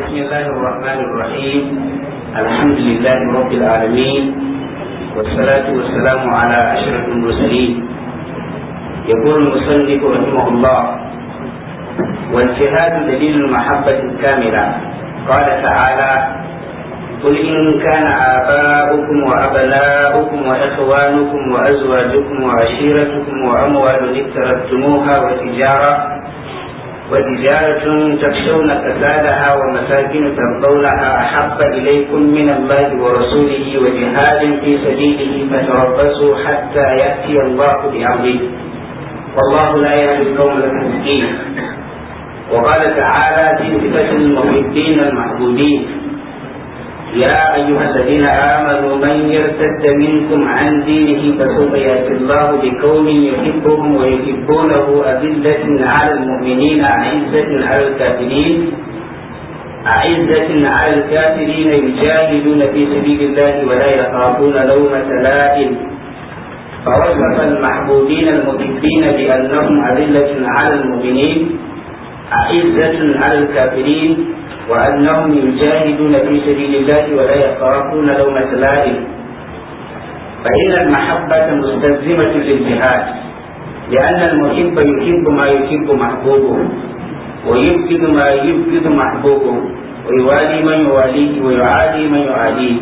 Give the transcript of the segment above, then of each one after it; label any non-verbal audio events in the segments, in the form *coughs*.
بسم الله الرحمن الرحيم الحمد لله رب العالمين والصلاة والسلام على أشرف المرسلين يقول المصنف رحمه الله والجهاد دليل المحبة الكاملة قال تعالى قل إن كان آباؤكم وأبناؤكم وإخوانكم وأزواجكم وعشيرتكم وأموال اقترفتموها وتجارة وزجاج تخشون فسادها ومساكن ترضونها أحب إليكم من الله ورسوله وجهاد في سبيله فتربصوا حتى يأتي الله بأمره والله لا يهدي القوم المسكين وقال تعالى في صفة المحبين المحبوبين يا أيها الذين آمنوا من يرتد منكم عن دينه فسوف يأتي الله بقوم يحبهم ويحبونه أذلة على المؤمنين أعزة على الكافرين أعزة على الكافرين يجاهدون في سبيل الله ولا يخافون لومة لائم فوصف المحبوبين المحبين بأنهم أذلة على المؤمنين أعزة على الكافرين وأنهم يجاهدون في سبيل الله ولا يخافون لومة لائم فإن المحبة مستلزمة للجهاد لأن المحب يحب ما يحب محبوبه ويبغض ما يبغض محبوبه ويوالي من يواليه ويعادي من يعاديه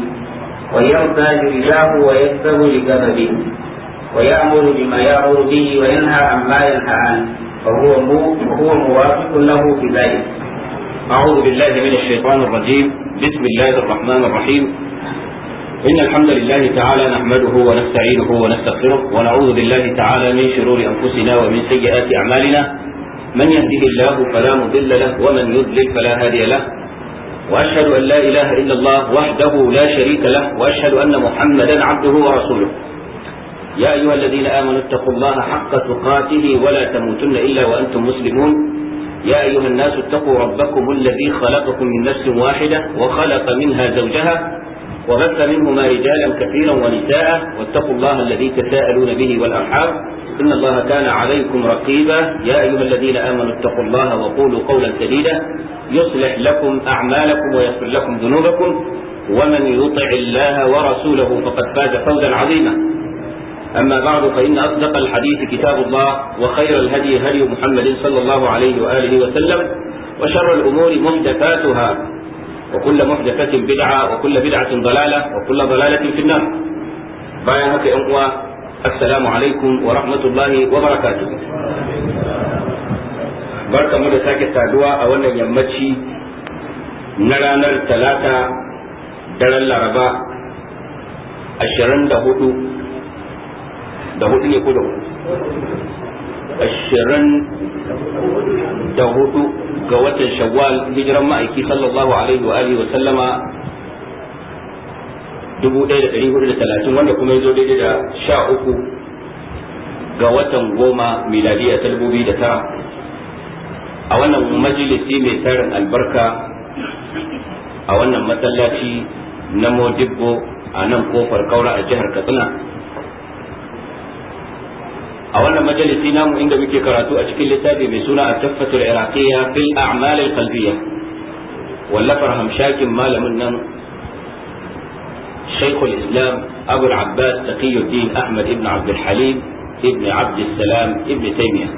ويرضى لرجاه ويكذب لغضبه ويأمر بما يأمر به وينهى عما ينهى عنه فهو موافق له في ذلك أعوذ بالله من الشيطان الرجيم بسم الله الرحمن الرحيم إن الحمد لله تعالى نحمده ونستعينه ونستغفره ونعوذ بالله تعالى من شرور أنفسنا ومن سيئات أعمالنا من يهده الله فلا مضل له ومن يضلل فلا هادي له وأشهد أن لا إله إلا الله وحده لا شريك له وأشهد أن محمدا عبده ورسوله يا أيها الذين آمنوا اتقوا الله حق تقاته ولا تموتن إلا وأنتم مسلمون يا أيها الناس اتقوا ربكم الذي خلقكم من نفس واحدة وخلق منها زوجها وبث منهما رجالا كثيرا ونساء واتقوا الله الذي تساءلون به والأرحام إن الله كان عليكم رقيبا يا أيها الذين آمنوا اتقوا الله وقولوا قولا سديدا يصلح لكم أعمالكم ويغفر لكم ذنوبكم ومن يطع الله ورسوله فقد فاز فوزا عظيما أما بعد فإن أصدق الحديث كتاب الله وخير الهدي هدي محمد صلى الله عليه وآله وسلم وشر الأمور محدثاتها وكل محدثة بدعة وكل بدعة ضلالة وكل ضلالة في النار بايا هكي أموة السلام عليكم ورحمة الله وبركاته بركة مدى ساكت سادوة أولا يمتشي نرى ثلاثة درن لربا ashirin da hudu ne ko da hudu ashirin da hudu ga watan shawwal hijiran ma'aiki sallallahu alaihi wa alihi wa sallama dubu ɗaya da ɗari hudu da talatin wanda kuma ya zo daidai da sha uku ga watan goma miladiya ta dubu biyu da tara a wannan majalisi mai tarin albarka a wannan masallaci na modibbo a nan kofar kaura a jihar katsina a wannan majalisi namu inda muke karatu a cikin littafi mai suna at-taffatul iraqiyya fil a'mal al-qalbiyya wallafar hamshakin malamin nan شيخ الإسلام أبو العباس تقي الدين أحمد بن عبد الحليم ابن عبد السلام ابن تيمية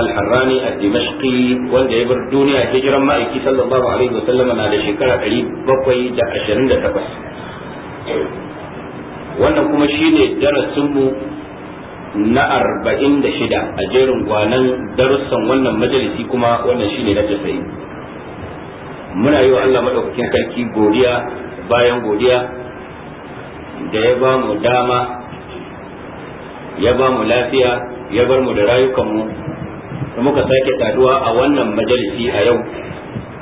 الحراني الدمشقي wanda ya bar duniya hijiran ma'aiki sallallahu alaihi wasallam na da shekara 728 wannan kuma shine darasinmu na arba'in da shida a jerin gwanan darussan wannan majalisi kuma wannan shine na tasa'in muna yi wa Allah maɗaukakin sarki godiya bayan godiya da ya ba mu dama ya ba mu lafiya ya bar mu da rayukanmu da muka sake saduwa a wannan majalisi a yau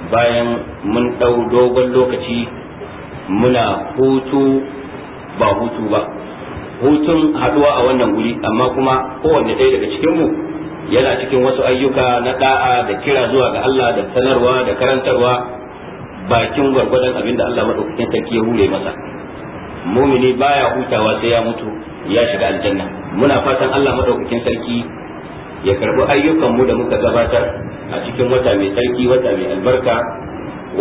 bayan mun ɗau dogon lokaci muna hutu ba hutu ba hutun haduwa a wannan guri amma kuma kowanne ɗaya daga cikin mu yana cikin wasu ayyuka na da'a da kira zuwa ga Allah da sanarwa da karantarwa bakin gwargwadon abin da Allah madaukakin sarki ya hure masa mumini baya hutawa sai ya mutu ya shiga aljanna muna fatan Allah madaukakin sarki ya karbi ayyukan mu da muka gabatar a cikin wata mai sarki wata mai albarka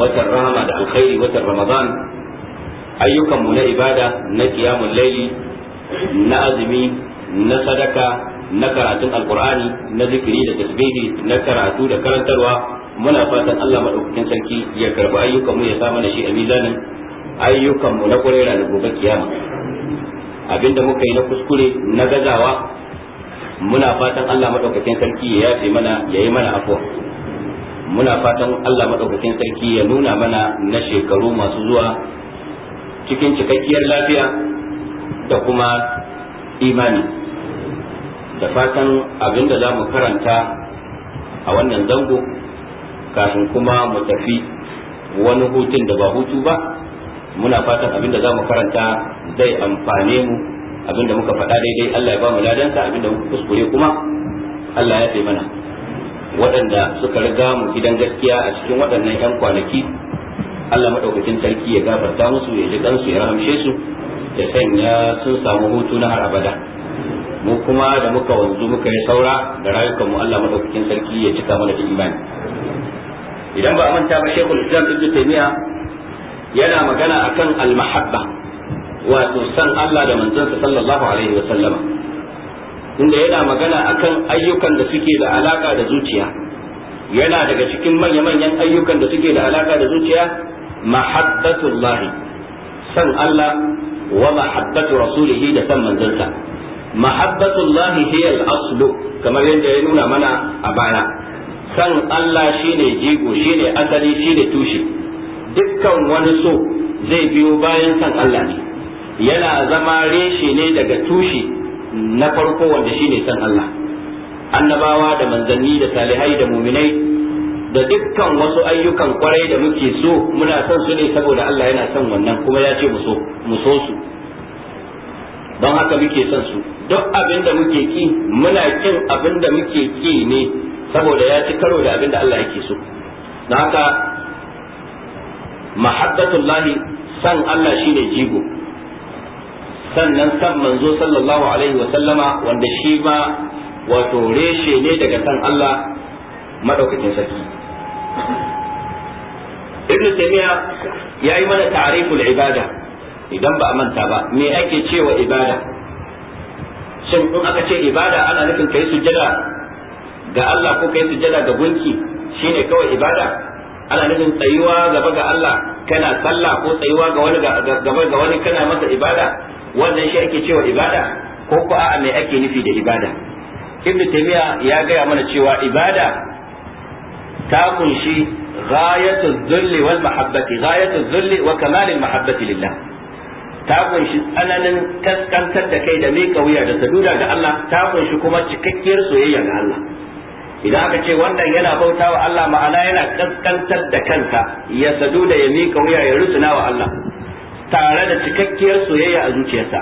watan rahama da alkhairi watan ramadan ayyukan mu na ibada na qiyamul layli na azumi na sadaka na karatun alkur'ani na zikiri da tasbihi na karatu da karantarwa muna fatan Allah madaukakin sarki ya karbi ayyukan mu ya sa mana shi a mizanin ayyukan mu na kurera da gobe kiyama abinda muka yi na kuskure na gazawa muna fatan Allah madaukakin sarki ya yafe mana ya yi mana afwa muna fatan Allah madaukakin sarki ya nuna mana na shekaru masu zuwa cikin cikakkiyar lafiya da kuma imani da fatan abinda za mu karanta a wannan zango kafin kuma mu tafi wani hutun da ba hutu ba muna fatan abinda za mu karanta zai amfane mu abinda muka faɗa daidai Allah ya ba mu ladansa abinda muka kuskure kuma Allah ya mana waɗanda suka riga mu gidan gaskiya a cikin waɗannan 'yan kwanaki Allah maɗaukakin sarki ya gafarta musu ya ji ɗansu ya rahamshe su ya sanya sun samu hutu na har abada mu kuma da muka wanzu muka yi saura da rayukan mu Allah madaukakin sarki ya cika mana da imani idan ba a manta ba shekul Islam ibnu taymiya yana magana akan al-mahabba wato san Allah da manzonsa sallallahu alaihi wa sallama inda yana magana akan ayyukan da suke da alaka da zuciya yana daga cikin manya-manyan ayyukan da suke da alaka da zuciya mahabbatullahi san Allah wa mahabbatu rasulihi da san manzansa mahabbatullahi hiya al kamar yadda ya nuna mana a bara san Allah shine jigo shine asali shine tushe dukkan wani so zai biyo bayan san Allah ne yana zama reshe ne daga tushe na farko wanda shine san Allah annabawa da manzanni da salihai da muminai da dukkan wasu ayyukan kwarai da muke so muna son su ne saboda Allah yana son wannan kuma ya ce mu so su don haka muke son su duk abin da muke ki muna kin abin da muke ki ne saboda ya ci karo da abin da Allah yake so don haka mahabbatullahi san Allah shine jigo sannan san manzo sallallahu alaihi wa sallama wanda shi ba wato reshe ne daga san Allah madaukakin sarki ibn taymiya yayi mana ta'riful ibada idan ba a manta ba me ake cewa ibada shin in aka ce ibada ana nufin kai sujjada ga Allah ko kai sujjada ga gunki shine kawai ibada ana nufin tsayuwa gaba ga Allah kana sallah ko tsayuwa ga wani gaba ga wani kana masa ibada wannan shi ake cewa ibada ko ko a'a me ake nufi da ibada ibnu taymiya ya gaya mana cewa ibada ta kunshi ghayatul dhulli wal mahabbati ghayatul dhulli wa kamalil mahabbati lillah ta kunshi tsananin kaskantar da kai da miƙa wuya da saduda ga Allah ta kunshi kuma cikakkiyar soyayya ga Allah idan aka ce wannan yana bautawa wa Allah ma'ana yana kaskantar da kansa ya saduda ya miƙa wuya ya rusuna wa Allah tare da cikakkiyar soyayya a zuciyarsa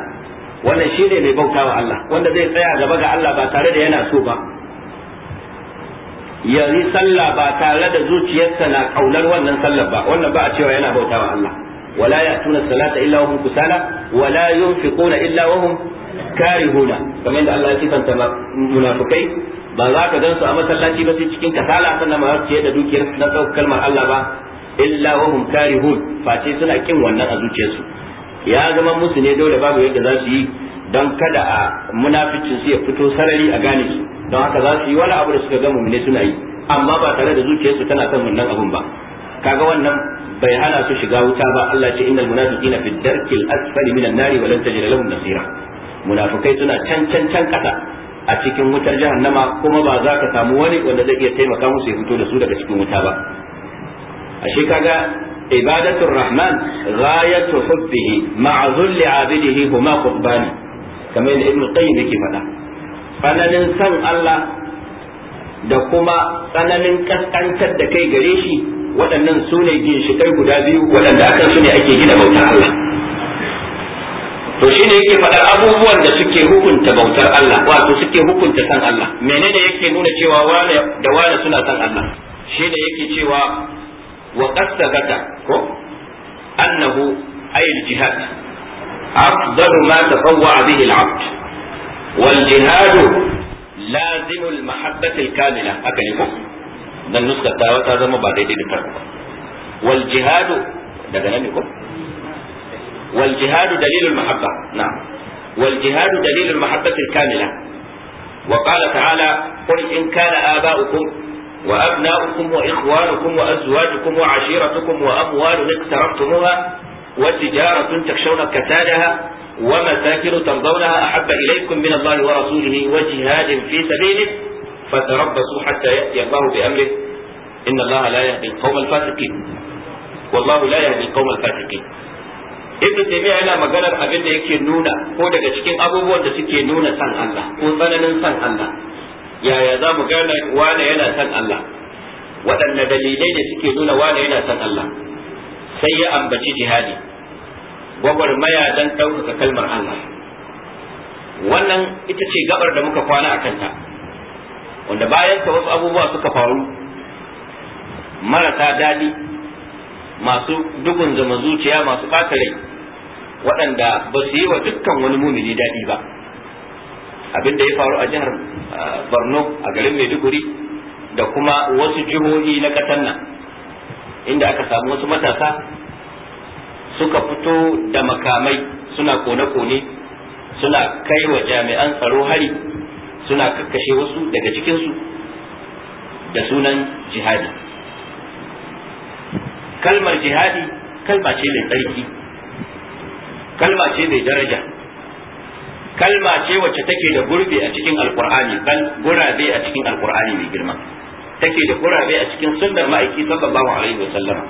wannan ne mai bautawa Allah wanda zai tsaya gaba ga Allah ba tare da yana so ba ya yi sallah ba tare da zuciyarsa na kaunar wannan sallar ba wannan ba a cewa yana bautawa Allah wala ya'tuna salata illa wahum kusala wala yunfiquna illa wahum karihuna kamar da Allah ya sifanta munafikai ba za ka gansu a masallaci ba sai cikin kasala sannan ma za da dukiyar na ɗaukar kalmar Allah ba illa wahum karihun face suna kin wannan a zuciyarsu ya zama musu ne dole babu yadda za su yi don kada a munafikin su ya fito sarari a gane su don haka za su yi wani abu da suka ga mummune suna yi amma ba tare da zuciyarsu tana son wannan abun ba kaga wannan bai hana su shiga wuta ba Allah ce innal munafiqina fi darkil asfali minan nari wa lan tajid lahum nasira munafikai suna can can can kasa a cikin wutar jahannama kuma ba za ka samu wani wanda zai iya taimaka musu ya fito da su daga cikin wuta ba ashe kaga عبادة rahman ghayatu hubbihi ma'zul ذل عابده huma kamar yadda ibnu qayyim yake faɗa tsananin san Allah da kuma tsananin kaskantar da kai gare shi waɗannan su ne ginshikai guda biyu waɗanda akan su ne ake gina bautar Allah to shi yake faɗar abubuwan da suke hukunta bautar Allah wato suke hukunta san Allah menene yake nuna cewa wane da wane suna san Allah shi ne yake cewa wa qad ko annahu ayil jihad أفضل ما تطوع به العبد والجهاد لازم المحبة الكاملة أكلمه ده النسخة التاوة هذا ما بعد يدي والجهاد ده كلامكم والجهاد دليل المحبة نعم والجهاد دليل المحبة الكاملة وقال تعالى قل إن كان آباؤكم وأبناؤكم وإخوانكم وأزواجكم وعشيرتكم وأموال اقترفتموها وتجارة تخشون كسادها ومساكن ترضونها أحب إليكم من الله ورسوله وجهاد في سبيله فتربصوا حتى يأتي الله بأمره إن الله لا يهدي القوم الفاسقين والله لا يهدي القوم الفاسقين ibn taymiya yana maganar abin da yake nuna ko daga cikin abubuwan da suke nuna san Allah ko tsananin san Allah yaya za mu gane wane yana san Allah waɗanne dalilai da suke nuna wane yana san Allah sai ya ambaci jihadi maya don ɗaukaka kalmar Allah wannan ita ce gabar da muka kwana a kanta wanda bayan ta wasu abubuwa suka faru marasa daɗi masu dugun zama zuciya masu ɓata waɗanda ba su yi wa dukkan wani mumini daɗi ba abin da ya faru a jihar ah, borno a garin maiduguri da kuma wasu jihohi na ƙasar nan inda aka samu wasu matasa suka fito da makamai suna kone-kone suna kai wa jami'an tsaro hari suna kakkashe wasu daga cikinsu da sunan jihadi kalmar jihadi kalma ce mai tsarki kalma ce mai daraja kalma ce wacce take da gurbe a cikin alkur'ani bal gurabe a cikin alkur'ani mai girma take da kurabe a cikin sunnar ma'aiki sallallahu alaihi wa sallama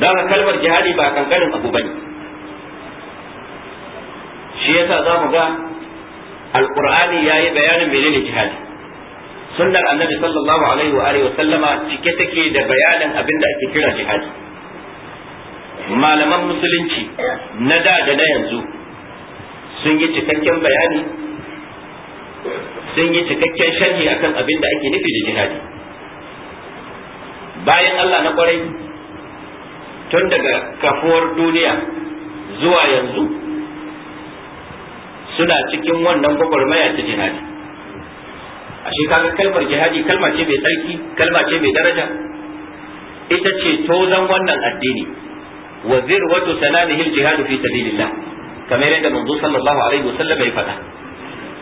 dan kalmar jihadi ba kankanin abu bane shi yasa za mu ga alqur'ani yayi bayanin menene jihadi sunnar annabi sallallahu alaihi wa alihi wa sallama cike take da bayanin abin da ake kira jihadi malaman musulunci na da da na yanzu sun yi cikakken bayani sun yi cikakken sharhi akan abin da ake nufi da jihadi bayan Allah na kwarai tun daga kafuwar duniya zuwa yanzu suna cikin wannan gwagwarmaya ta jihadi A kaga kalmar jihadi kalma ce mai tsarki kalma ce mai daraja ita ce tozan wannan addini wa wato salamihil jihadu fi sabilillah kamar yadda manzo sallallahu alaihi wasallam ya faɗa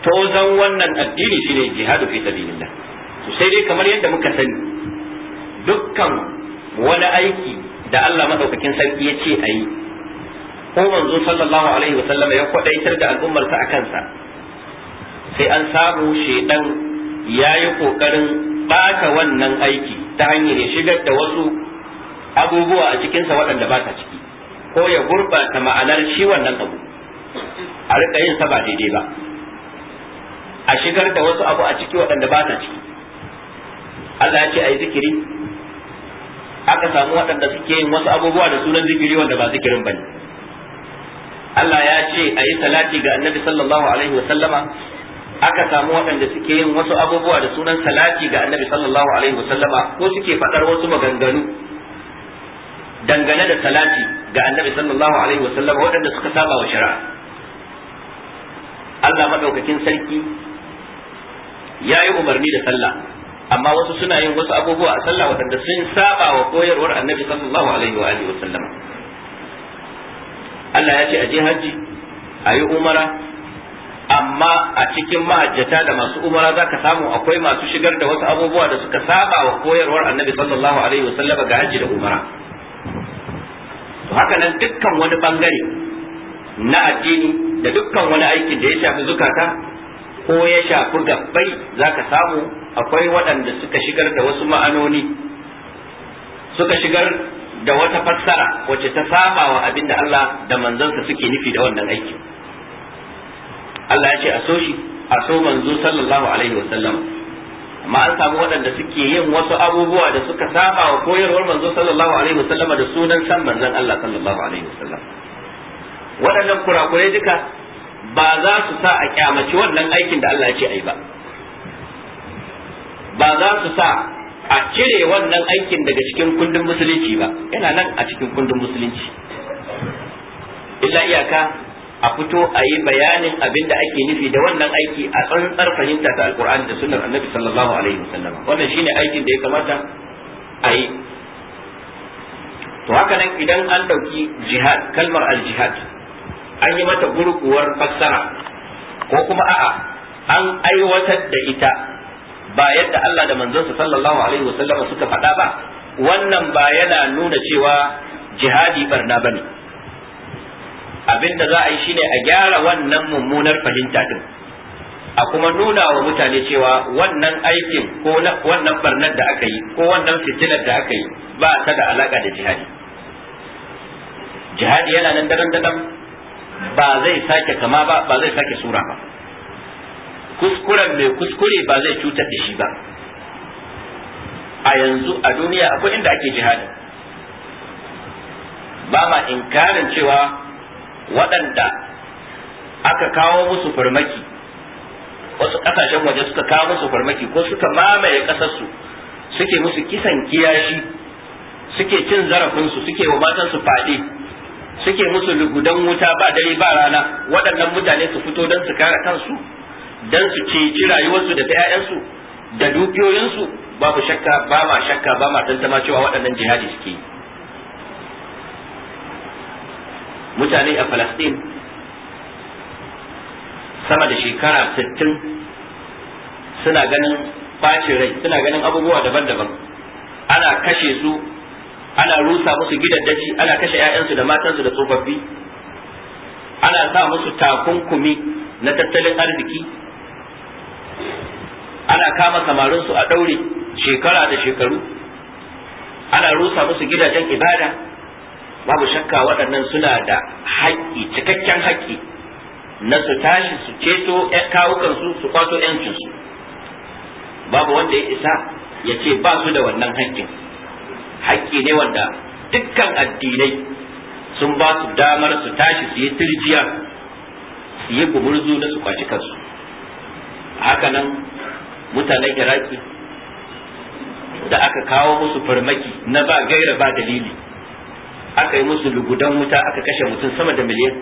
tozan wannan addini shine jihadu fi sabilillah to sai dai kamar yadda muka sani dukkan wani aiki da Allah madaukakin sarki ya ce ayi ko manzo sallallahu alaihi wa sallam ya kwadaitar da al'ummar sa akan sa sai an samu shedan yayi kokarin baka wannan aiki ta hanyar ya shigar da wasu abubuwa a cikinsa waɗanda ba ta ciki ko ya gurbata ma'anar shi wannan abu a rika yin sa ba daidai ba a shigar da wasu abu a ciki waɗanda ba na ciki Allah ya ce yi zikiri aka samu waɗanda suke yin wasu abubuwa da sunan zikiri wanda ba zikirin ne Allah ya ce ayi salati ga Annabi sallallahu alaihi wa sallama aka samu waɗanda suke yin wasu abubuwa da sunan salati ga Annabi sallallahu alaihi wa sallama ko suke faɗar wasu maganganu dangane da salati ga Annabi sallallahu alaihi wa sallama waɗanda suka saba wa shari'a Allah madaukakin sarki ya yi umarni da sallah amma wasu suna yin wasu abubuwa a sallah waɗanda sun saba wa koyarwar annabi sallallahu alaihi wa alihi wasallam Allah ya ce a je haji ayi umara amma a cikin mahajjata da masu umara zaka samu akwai masu shigar da wasu abubuwa da suka saba wa koyarwar annabi sallallahu alaihi wa ga haji da umara to haka nan dukkan wani bangare na addini da dukkan wani aikin da ya shafi zukata ko ya shafi gabbai zaka samu akwai waɗanda suka shigar da wasu ma'anoni suka shigar da wata fassara wacce ta saba wa abin da Allah da manzansa suke nufi da wannan aiki Allah ya ce a so shi a so manzo sallallahu alaihi wa sallam amma an samu waɗanda suke yin wasu abubuwa da suka saba wa koyarwar manzo sallallahu alaihi wa sallama da sunan san manzon Allah sallallahu alaihi wa sallam waɗannan kurakurai duka ba za su sa a kyamaci wannan aikin da Allah ce ai ba ba za su sa a cire wannan aikin daga cikin kundin musulunci ba yana nan a cikin kundin musulunci illa iyaka a fito a yi bayanin abin da ake nufi da wannan aiki a tsantsar fahimta ta alkur'ani da sunnar annabi sallallahu alaihi wasallam wannan shine aikin da ya kamata a yi to haka nan idan an dauki jihad kalmar al-jihad an yi mata gurguwar fassara ko kuma a'a an aiwatar da ita ba yadda Allah da manzonsa sallallahu alaihi wasallam suka faɗa ba wannan ba yana nuna cewa jihadi barna bane abinda za a yi shine a gyara wannan mummunar fahimta din a kuma nuna wa mutane cewa wannan aikin ko wannan barnar da aka yi ko wannan fitilar da aka yi ba ta da alaka da jihadi jihadi yana nan daren daren ba zai sake kama ba ba zai sake sura ba kuskuren mai kuskure ba zai cutar da shi ba a yanzu a duniya akwai inda ake jihadi ba ma inkarin cewa waɗanda aka kawo musu farmaki wasu ƙasashen waje suka kawo musu farmaki ko suka mamaye ƙasarsu suke musu kisan kiyashi suke cin zarafinsu suke wa matansu faɗi suke musu lugudan wuta ba dare ba rana waɗannan mutane su fito don su kare kansu don su ceci rayuwarsu da ta'ya'yansu da dukiyoyinsu babu shakka ba ma shakka ba ma tantama cewa waɗannan jihadi suke yi mutane a Falastin sama da shekara 60 suna ganin bacin rai suna ganin abubuwa daban-daban ana kashe su ana rusa musu gidaddaci ana kashe 'ya'yansu da matansu da tsofaffi ana sa musu takunkumi na tattalin arziki ana kama samarinsu a ɗaure shekara da shekaru ana rusa musu gidajen ibada babu shakka waɗannan suna da haƙƙi cikakken haƙƙi na su tashi su ceto kawukansu su kwato 'yancinsu babu wanda ya isa ya ce ba su da wannan haƙƙin haƙƙi ne wanda dukkan addinai sun ba su damar su tashi su yi tirjiya su yi gumurzu na su kwaci kansu hakanan mutanen iraki da aka kawo musu farmaki na ba gaira ba dalili aka yi musu lugudan wuta aka kashe mutum sama da miliyan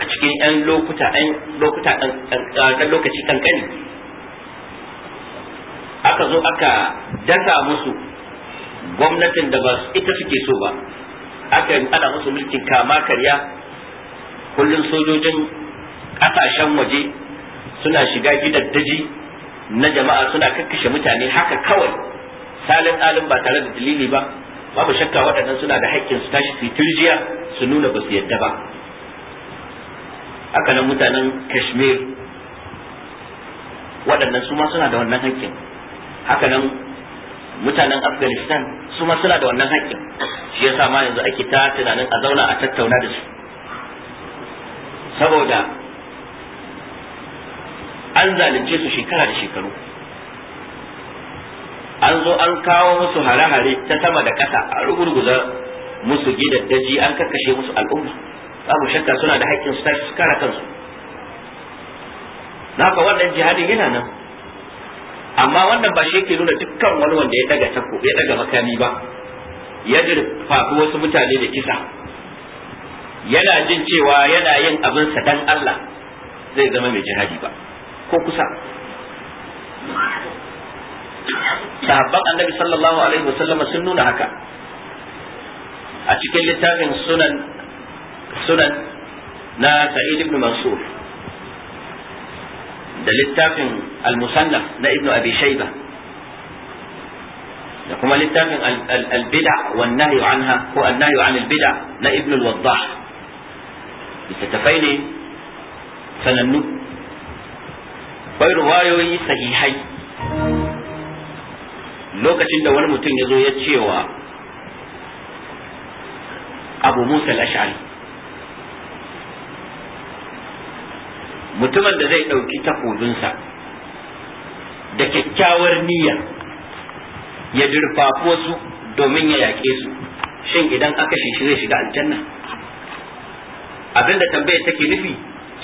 a cikin 'yan lokuta 'yan lokuta lokaci kankani aka zo aka dasa musu gwamnatin da ba ita suke so ba aka ana musu mulkin kama karya kullum sojojin kasashen waje suna shiga gidan daji na jama'a suna kakkashe mutane haka kawai salin alin ba tare da dalili ba babu shakka waɗannan suna da haƙƙin su tashi su turjiya su nuna ba su yadda ba haka nan mutanen kashmir waɗannan su ma suna da wannan haƙƙin haka nan mutanen afghanistan su ma suna da wannan haƙƙin shi ya sa ma yanzu ake ta tunanin a zauna a tattauna da su saboda an zalunce su shekara da shekaru an zo an kawo musu hare-hare ta sama da ƙasa a rugurguza musu gidaddaji an karkashe musu al'umma babu shakka suna da haƙƙin su tashi su kara kansu na wannan jihadin yana nan amma wannan ba shi yake nuna dukkan wani wanda ya daga tako ya daga makami ba ya jirfafi wasu mutane da kisa yana jin cewa yana yin abin sa dan Allah zai zama mai jihadi ba ko kusa sahabban annabi sallallahu alaihi wasallam sun nuna haka a cikin littafin sunan sunan na sa'id ibn mansur da littafin al-musannaf na ibnu abi shayba da kuma littafin al-bid'a wan nahyu anha ko an-nahyu an al-bid'a na ibnu al-waddah ne sanannu bai ruwayoyi sahihai lokacin da wani mutum ya zo ya cewa abu musa al-ash'ari mutumin da zai ɗauki takobinsa da kyakkyawar niyya ya durfafo su domin ya yaƙe su shin idan aka shi zai shiga aljanna abinda tambayar take nufi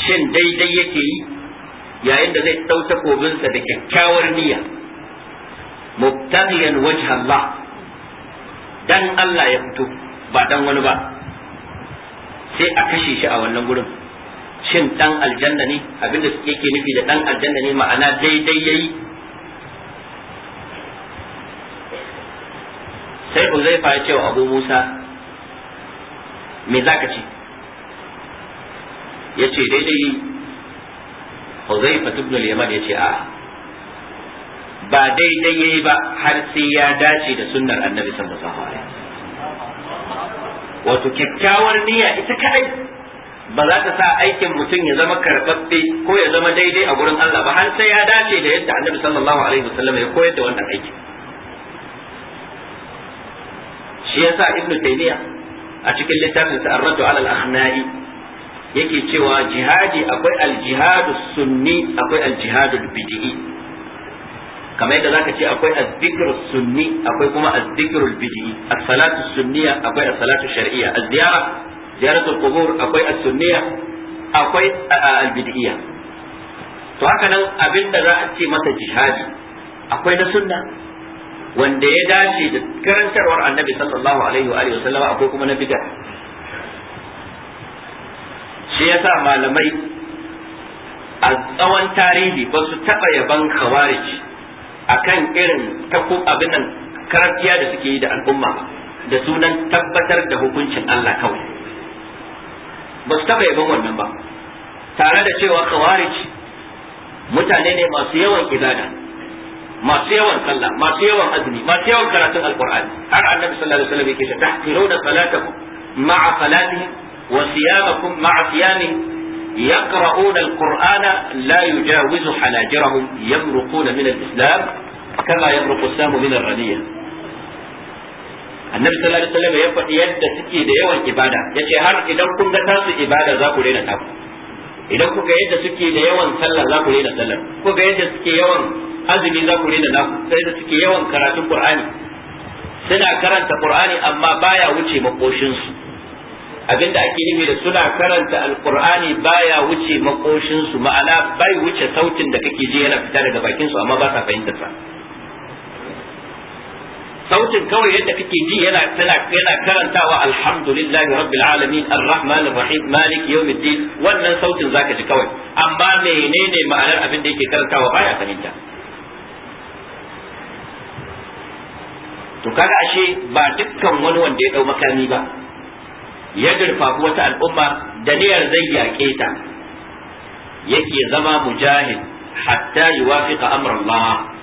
shin daidai yake yi yayin da zai ɗau takobinsa da kyakkyawar niyya mubtaghiyan wajha Allah dan Allah ya fito ba dan wani ba sai a kashe shi a wannan gurin shin dan aljanna ne abinda suke yake nufi da dan aljanna ne ma'ana daidai yayi sai Uzaifa zai ce cewa Abu Musa me zaka ce yace daidai Uzaifa ibn al-Yaman yace a ba daidai yayi ba har sai ya dace da sunnar Annabi sallallahu alaihi wasallam wato kyakkyawar niyya ita kadai ba za ta sa aikin mutum ya zama karɓaɓɓe ko ya zama daidai a gurin Allah ba har sai ya dace da yadda Annabi sallallahu alaihi wasallam ya koyar da wannan aikin shi yasa Ibn Taymiyyah a cikin littafin sa Ar-Radd 'ala al yake cewa jihadi akwai al-jihadu sunni akwai al-jihadu bid'i kamar yadda zaka ce akwai az-zikru sunni akwai kuma az-zikru bid'i as-salatu sunniya akwai as-salatu shar'iyya az-ziyara al qubur akwai as-sunniya akwai al-bid'iyya to haka nan abin da za a ce masa jihadi akwai na sunna wanda ya dace da karantarwar annabi sallallahu alaihi wa sallama akwai kuma na bid'a shi yasa malamai a tsawon tarihi ba su taɓa yaban khawarij akan irin takub abin nan da suke yi da al'umma da sunan tabbatar da hukuncin Allah kawai ba su taba yaban wannan ba tare da cewa khawarij mutane ne masu yawan ibada masu yawan sallah masu yawan azumi masu yawan karatun alqur'ani har annabi sallallahu alaihi wasallam yake tahqiruna salatakum ma'a salatihim wa siyamakum ma'a siyamihim يقرؤون القرآن لا يجاوز حناجرهم يمرقون من الإسلام كما يمرق السام من الرمية annabi sallallahu alaihi wasallam ya faɗi yadda suke da yawan ibada yace har idan kun ga tasu ibada za ku rena taku idan kuka yadda suke da yawan sallah za ku rena sallar kuka yadda suke yawan azumi za ku rena naku sai da suke yawan karatun qur'ani suna karanta qur'ani amma baya wuce makoshin su abinda ake nufi da suna karanta alqur'ani baya wuce makoshin su ma'ana bai wuce sautin da kake ji yana fita daga bakin su amma ba ta fahimtar sa sautin kawai yadda ke ji yana tana yana karantawa alhamdulillahi rabbil alamin arrahmanir rahim malik yawmiddin wannan sautin zaka ji kawai amma menene ma'anar abinda da yake karantawa baya fahimta to ashe ba dukkan wani wanda ya ɗau makami ba ya durfafi wata al'umma da niyyar zai yaƙe ta yake zama mujahid hatta yuwafiqa amrullah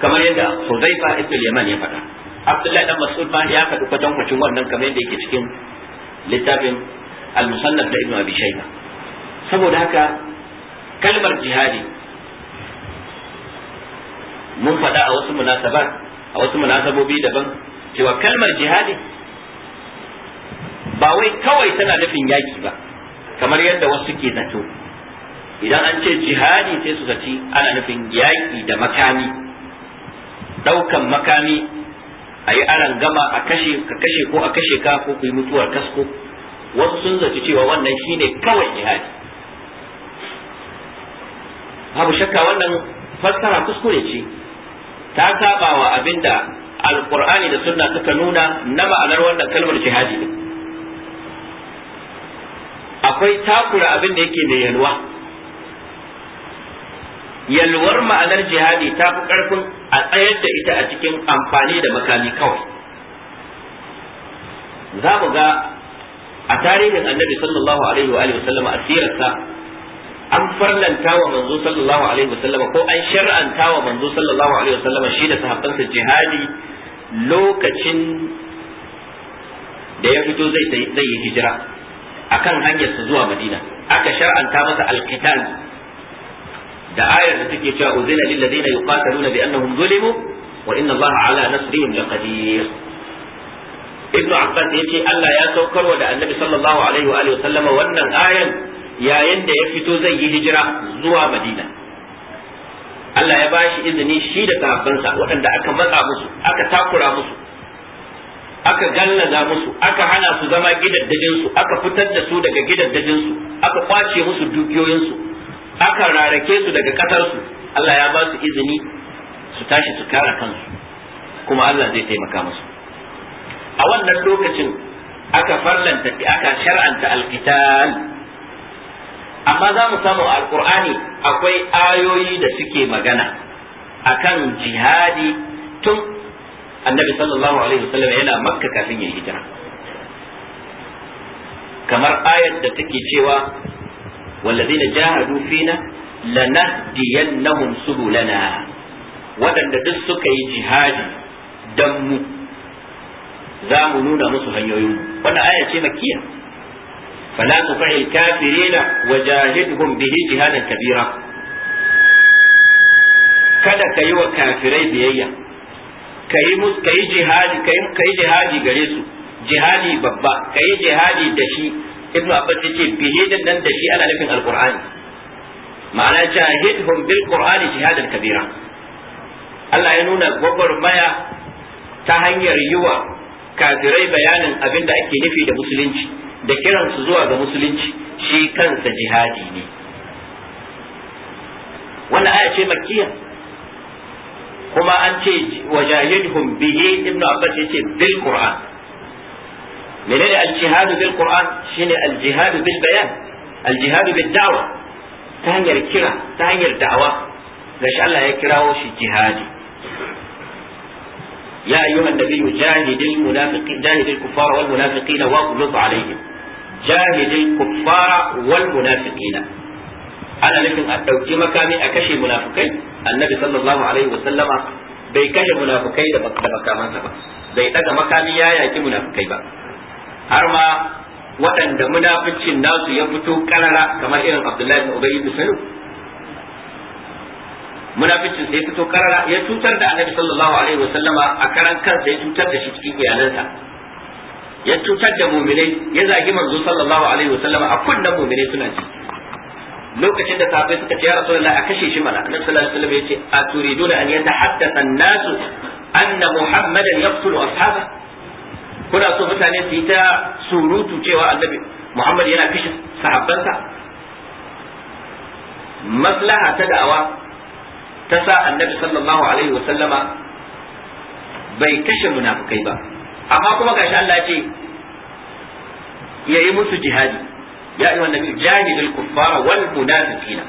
kamar yadda Huzaifa ibn Yaman ya faɗa Abdullahi dan Mas'ud ba ya faɗi kwatan kwacin wannan kamar yadda yake cikin littafin al-musannaf da Ibn Abi Shayba saboda haka kalmar jihadi mun faɗa a wasu munasabar, a wasu munasabobi daban cewa kalmar jihadi ba wai kawai tana nufin yaki ba kamar yadda wasu ke zato idan an ce jihadi sai su zaci ana nufin yaki da makami ɗaukan makami ayi yi aran gama a kashe ka kashe ko a kashe ka ko ku yi mutuwar kasko wasu sun zaci cewa wannan shine kawai jihadi babu shakka wannan fassara kuskure ce ta saba wa abinda alqur'ani da sunna suka nuna na ma'anar wannan kalmar jihadi akwai takura abin da yake mai yalwa yalwar ma'anar jihadi ta fi ƙarfin a tsayar da ita a cikin amfani da makami kawai za mu ga a tarihin annabi sallallahu alaihi wa sallam a sirarsa an farlanta wa manzo sallallahu alaihi wa sallama, ko an shar'anta wa manzo sallallahu alaihi wa sallam shi da sahabbansa jihadi lokacin da ya fito zai yi hijira akan hanyarsa zuwa madina aka shar'anta masa alqital da ayar da take cewa uzina lil ladina yuqataluna bi annahum zulimu wa inna allaha ala nasrihim laqadir ibnu abbas yace Allah ya saukarwa da annabi sallallahu alaihi wa alihi sallama wannan ayar yayin da ya fito zai yi hijira zuwa madina Allah ya bashi izini shi da sahabbansa waɗanda aka matsa musu aka takura musu aka gallaza musu aka hana su zama gidaddajinsu aka fitar da su daga gidaddajinsu aka kwace musu dukiyoyinsu aka rarake su daga ƙasarsu Allah ya ba su izini su tashi su kare kansu kuma Allah zai taimaka musu a wannan lokacin aka farlanta aka shar'anta alqital amma za mu samu alkur'ani alqur'ani akwai ayoyi da suke magana akan jihadi tun annabi sallallahu alaihi wasallam yana makka kafin ya hijira kamar ayar da take cewa والذين جاهدوا فينا لنهدينهم سبلنا waɗanda duk suka yi jihadi don mu za mu nuna musu hanyoyin wannan aya ce makiya fala tuqil kafirina wajahidhum bihi jihadan kabira kada ka yi wa kafirai biyayya ka yi jihadi ka yi jihadi gare su jihadi babba ka yi jihadi da shi ibnu abbas yace bihi din nan da shi ana nufin alqur'ani ma'ana jahidhum bil qur'ani jihadan kabira Allah ya nuna maya ta hanyar yi wa kafirai bayanin abin da ake nufi da musulunci da kiransu zuwa ga musulunci shi kansa jihadi ne wannan aya ce makkiya kuma an ce wajahidhum bihi ibnu abbas yace bil qur'an منين الجهاد بالقران شنو الجهاد بالبيان الجهاد بالدعوه تهني الكرة تهني الدعوة لش الله يكره وش الجهاد يا أيها النبي جاهد المنافقين جاهد الكفار والمنافقين واغلظ عليهم جاهد الكفار والمنافقين أنا لكن أتوكي مكامي أكشي منافقين النبي صلى الله عليه وسلم بيكشي منافقين دبك دبك سبق بيتك مكامي يا يا منافقين har ma waɗanda munafucin nasu ya fito ƙarara kamar irin Abdullahi bin Ubay bin Salul munafucin sai fito ƙarara, ya cutar da Annabi sallallahu alaihi wasallama a karan kansa ya cutar da shi cikin iyalansa ya cutar da mu'minai ya zagi manzo sallallahu alaihi wasallama a kullum mu'minai suna ci lokacin da sahabbai suka ce ya rasulullahi a kashe shi mana Annabi sallallahu alaihi wasallam ya ce a aturiduna an yatahaddatha an-nasu anna muhammadan yaqtulu ashabahu kuna so mutane su yi ta surutu cewa annabi Muhammad yana kashe sahabbansa maslaha ta da'awa ta sa annabi sallallahu alaihi wa sallama bai kashe munafukai ba amma kuma gashi Allah ya ce yayi musu jihadi ya ayyuhan nabi jahidul kuffara wal munafiqina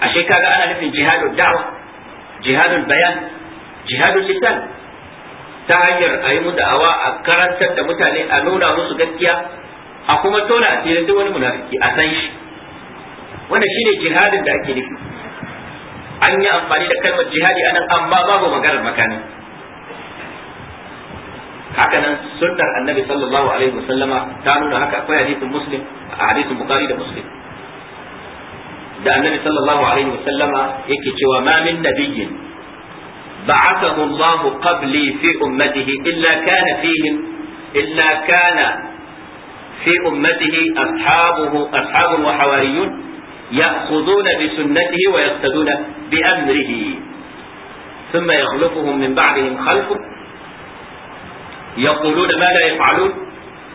ashe kaga ana nufin jihadul da'wa jihadul bayan jihadul lisan ta hanyar a yi mu da'awa a karantar da mutane a nuna musu gaskiya a kuma tona a asirin duk wani munafiki a san shi shi shine jihadin da ake nufi an yi amfani da kalmar jihadi a nan amma babu maganar makani haka nan sunnar annabi sallallahu alaihi wasallama ta nuna haka akwai hadisin muslim a hadisin bukhari da muslim da annabi sallallahu alaihi wasallama yake cewa ma min nabiyyin بعثه الله قبلي في أمته إلا كان فيهم إلا كان في أمته أصحابه أصحاب وحواريون يأخذون بسنته ويقتدون بأمره ثم يخلفهم من بعدهم خلف يقولون ما لا يفعلون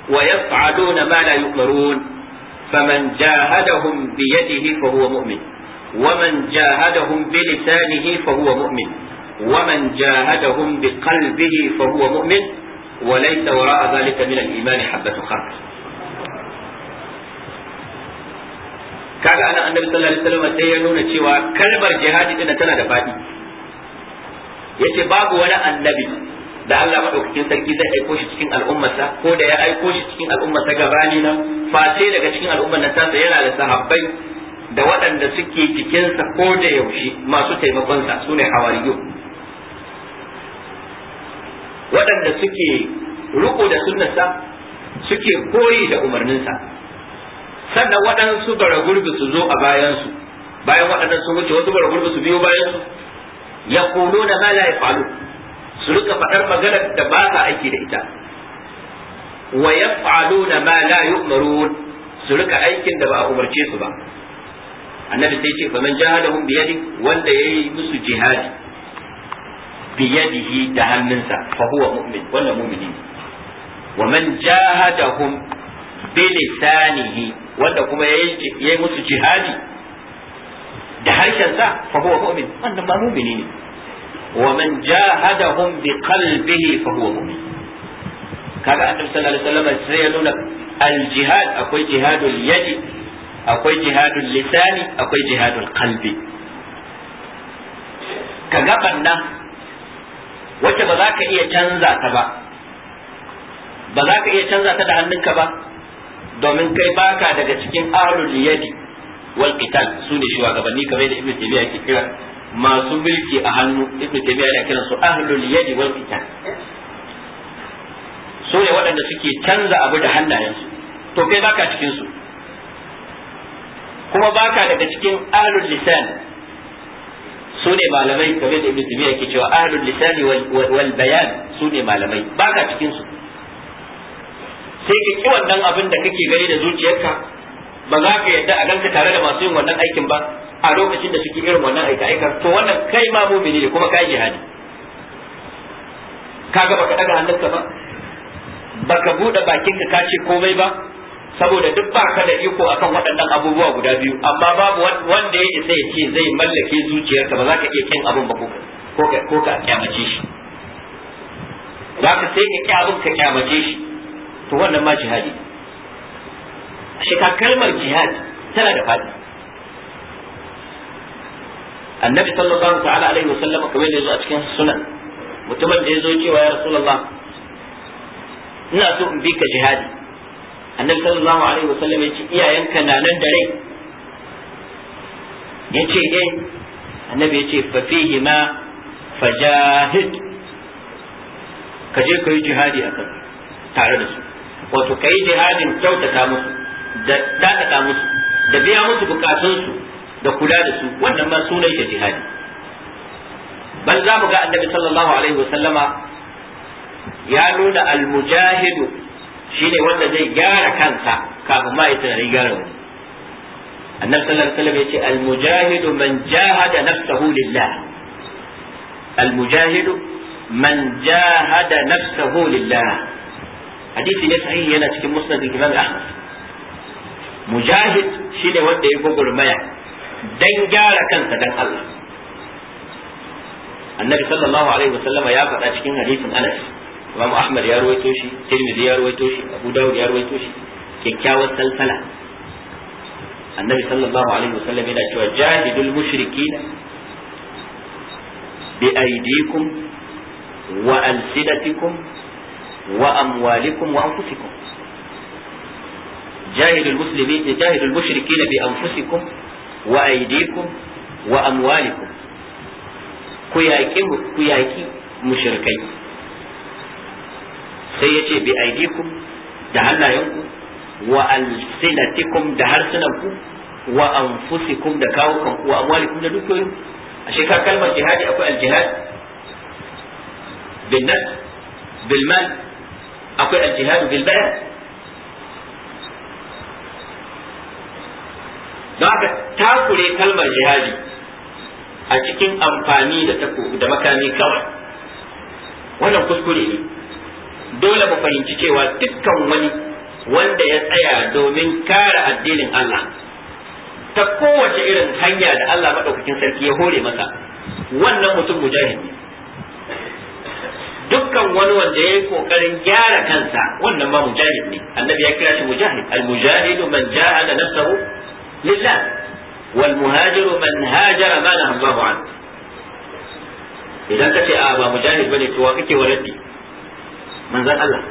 ويفعلون ما لا يؤمرون فمن جاهدهم بيده فهو مؤمن ومن جاهدهم بلسانه فهو مؤمن ومن جاهدهم بقلبه فهو مؤمن وليس وراء ذلك من الإيمان حبة خردل kaga ana annabi sallallahu alaihi wasallam sai ya nuna cewa kalmar jihadi din tana da fadi yace babu wani annabi da Allah madaukakin sarki zai aiko shi cikin al'ummarsa ko da ya aiko shi cikin al'ummarsa gabani nan face daga cikin al'ummar nan tasa yana da sahabbai da waɗanda suke sa ko da yaushe masu taimakonsa su ne hawariyu waɗanda suke riko da sunnarsa suke koyi da umarninsa sannan waɗansu bara gurbi su zo a bayansu bayan waɗannan sun wuce wasu bara gurbi su biyo bayansu ya kulo na mala ya falo su rika faɗar maganar da ba sa aiki da ita wa ya falo na mala ya umaru su rika aikin da ba a umarce su ba annabi sai ce faman jahadahum biyadi wanda yayi musu jihadi biyadihi da hannunsa fa mu'min wannan mu'mini wa man jahadahum bilisanihi wanda kuma yayi musu jihadi da harshensa fa huwa mu'min wannan ma mu'mini ne wa man jahadahum bi qalbihi fa huwa mu'min kaga annabi sallallahu alaihi wasallam sai ya nuna al-jihad akwai jihadul yadi akwai jihadul lisani akwai jihadul kalbi ka gaban wacce ba za ka iya canza ta ba ba za ka iya canza ta da hannunka ba domin kai baka daga cikin ahlul yadi wal qital su ne shugabanni kamar da ibnu tabiya yake kira masu mulki a hannu ibnu tabiya yake kira su ahlul yadi wal qital su ne waɗanda suke canza abu da hannayensu to kai baka cikin su kuma baka daga cikin ahlul lisan Sune malamai kamar da ibnu ke cewa ahlul lisani wal bayan su malamai baka cikin su sai ka ki wannan abin da kake gani da zuciyarka ba za ka yadda a ganka tare da masu yin wannan aikin ba a lokacin da suke irin wannan aika aika to wannan kai ma mumini ne kuma kai jihadi kaga baka daga hannunka ba baka bude bakinka ka ce komai ba saboda duk ba ka da iko akan waɗannan abubuwa guda biyu amma babu wanda yake sai ya ce zai mallake zuciyarka ba za ka iya kin abin ba ko ka kyamace shi za ka sai ka kyabin ka kyamace shi to wannan ma jihadi shi ka kalmar jihad tana da fadi annabi sallallahu ta'ala alaihi wasallam kamar da yazo a cikin sunan mutumin da yazo cewa ya rasulullah ina so in bi ka jihadi annabi sallallahu alaihi wasallam yace iyayenka na nan da rai yace eh annabi yace fa fihi ma fajahid ka je kai jihadi akan tare da su wato kai jihadin kyautata musu da dakata musu da biya musu su da kula da su wannan ma sunan shi jihadi bal za mu ga annabi sallallahu alaihi wasallama ya nuna al mujahidu. Shi ne wanda zai gyara kansa kafin ma ya tunanin gyara wani annabi sallallahu alaihi wasallam yace al mujahidu man jahada nafsahu lillah al mujahidu man jahada nafsahu lillah hadisi ne sahihi yana cikin musnad imam ahmad mujahid shine wanda ya gugurmaya dan gyara kansa dan Allah annabi sallallahu alaihi wasallam ya faɗa cikin hadisin Anas imam ahmad ya ruwaito shi tirmidhi ya ruwaito shi abu dawud ya ruwaito shi kyakkyawar salsala annabi sallallahu alaihi wasallam yana cewa jahidul mushrikin bi aydikum wa alsidatikum wa amwalikum wa anfusikum jahidul muslimin jahidul mushrikin bi anfusikum wa aydikum wa amwalikum ku yaqi ku yaqi mushrikai sai ya ce bi aidikum da hannayenku wa alsinatikum da harsunanku wa anfusikum da kawukanku wa amwalikum da dukiyoyinku a shekar kalmar jihadi akwai aljihad bin nas bil mal akwai aljihad bil bayan don haka takure kalmar jihadi a cikin amfani da makami kawai wannan kuskure ne dole mu fahimci cewa dukkan wani wanda ya tsaya domin kare addinin Allah ta kowace irin hanya da Allah maɗaukakin sarki ya hore masa wannan mutum mujahid ne dukkan wani wanda ya yi kokarin gyara kansa wannan ma mujahid ne annabi ya kira shi mujahid al mujahidu man jahada nafsahu lillah wal muhajiru man hajara ma lahu an idan kace a ba mujahid bane to wa kake waradi manzan Allah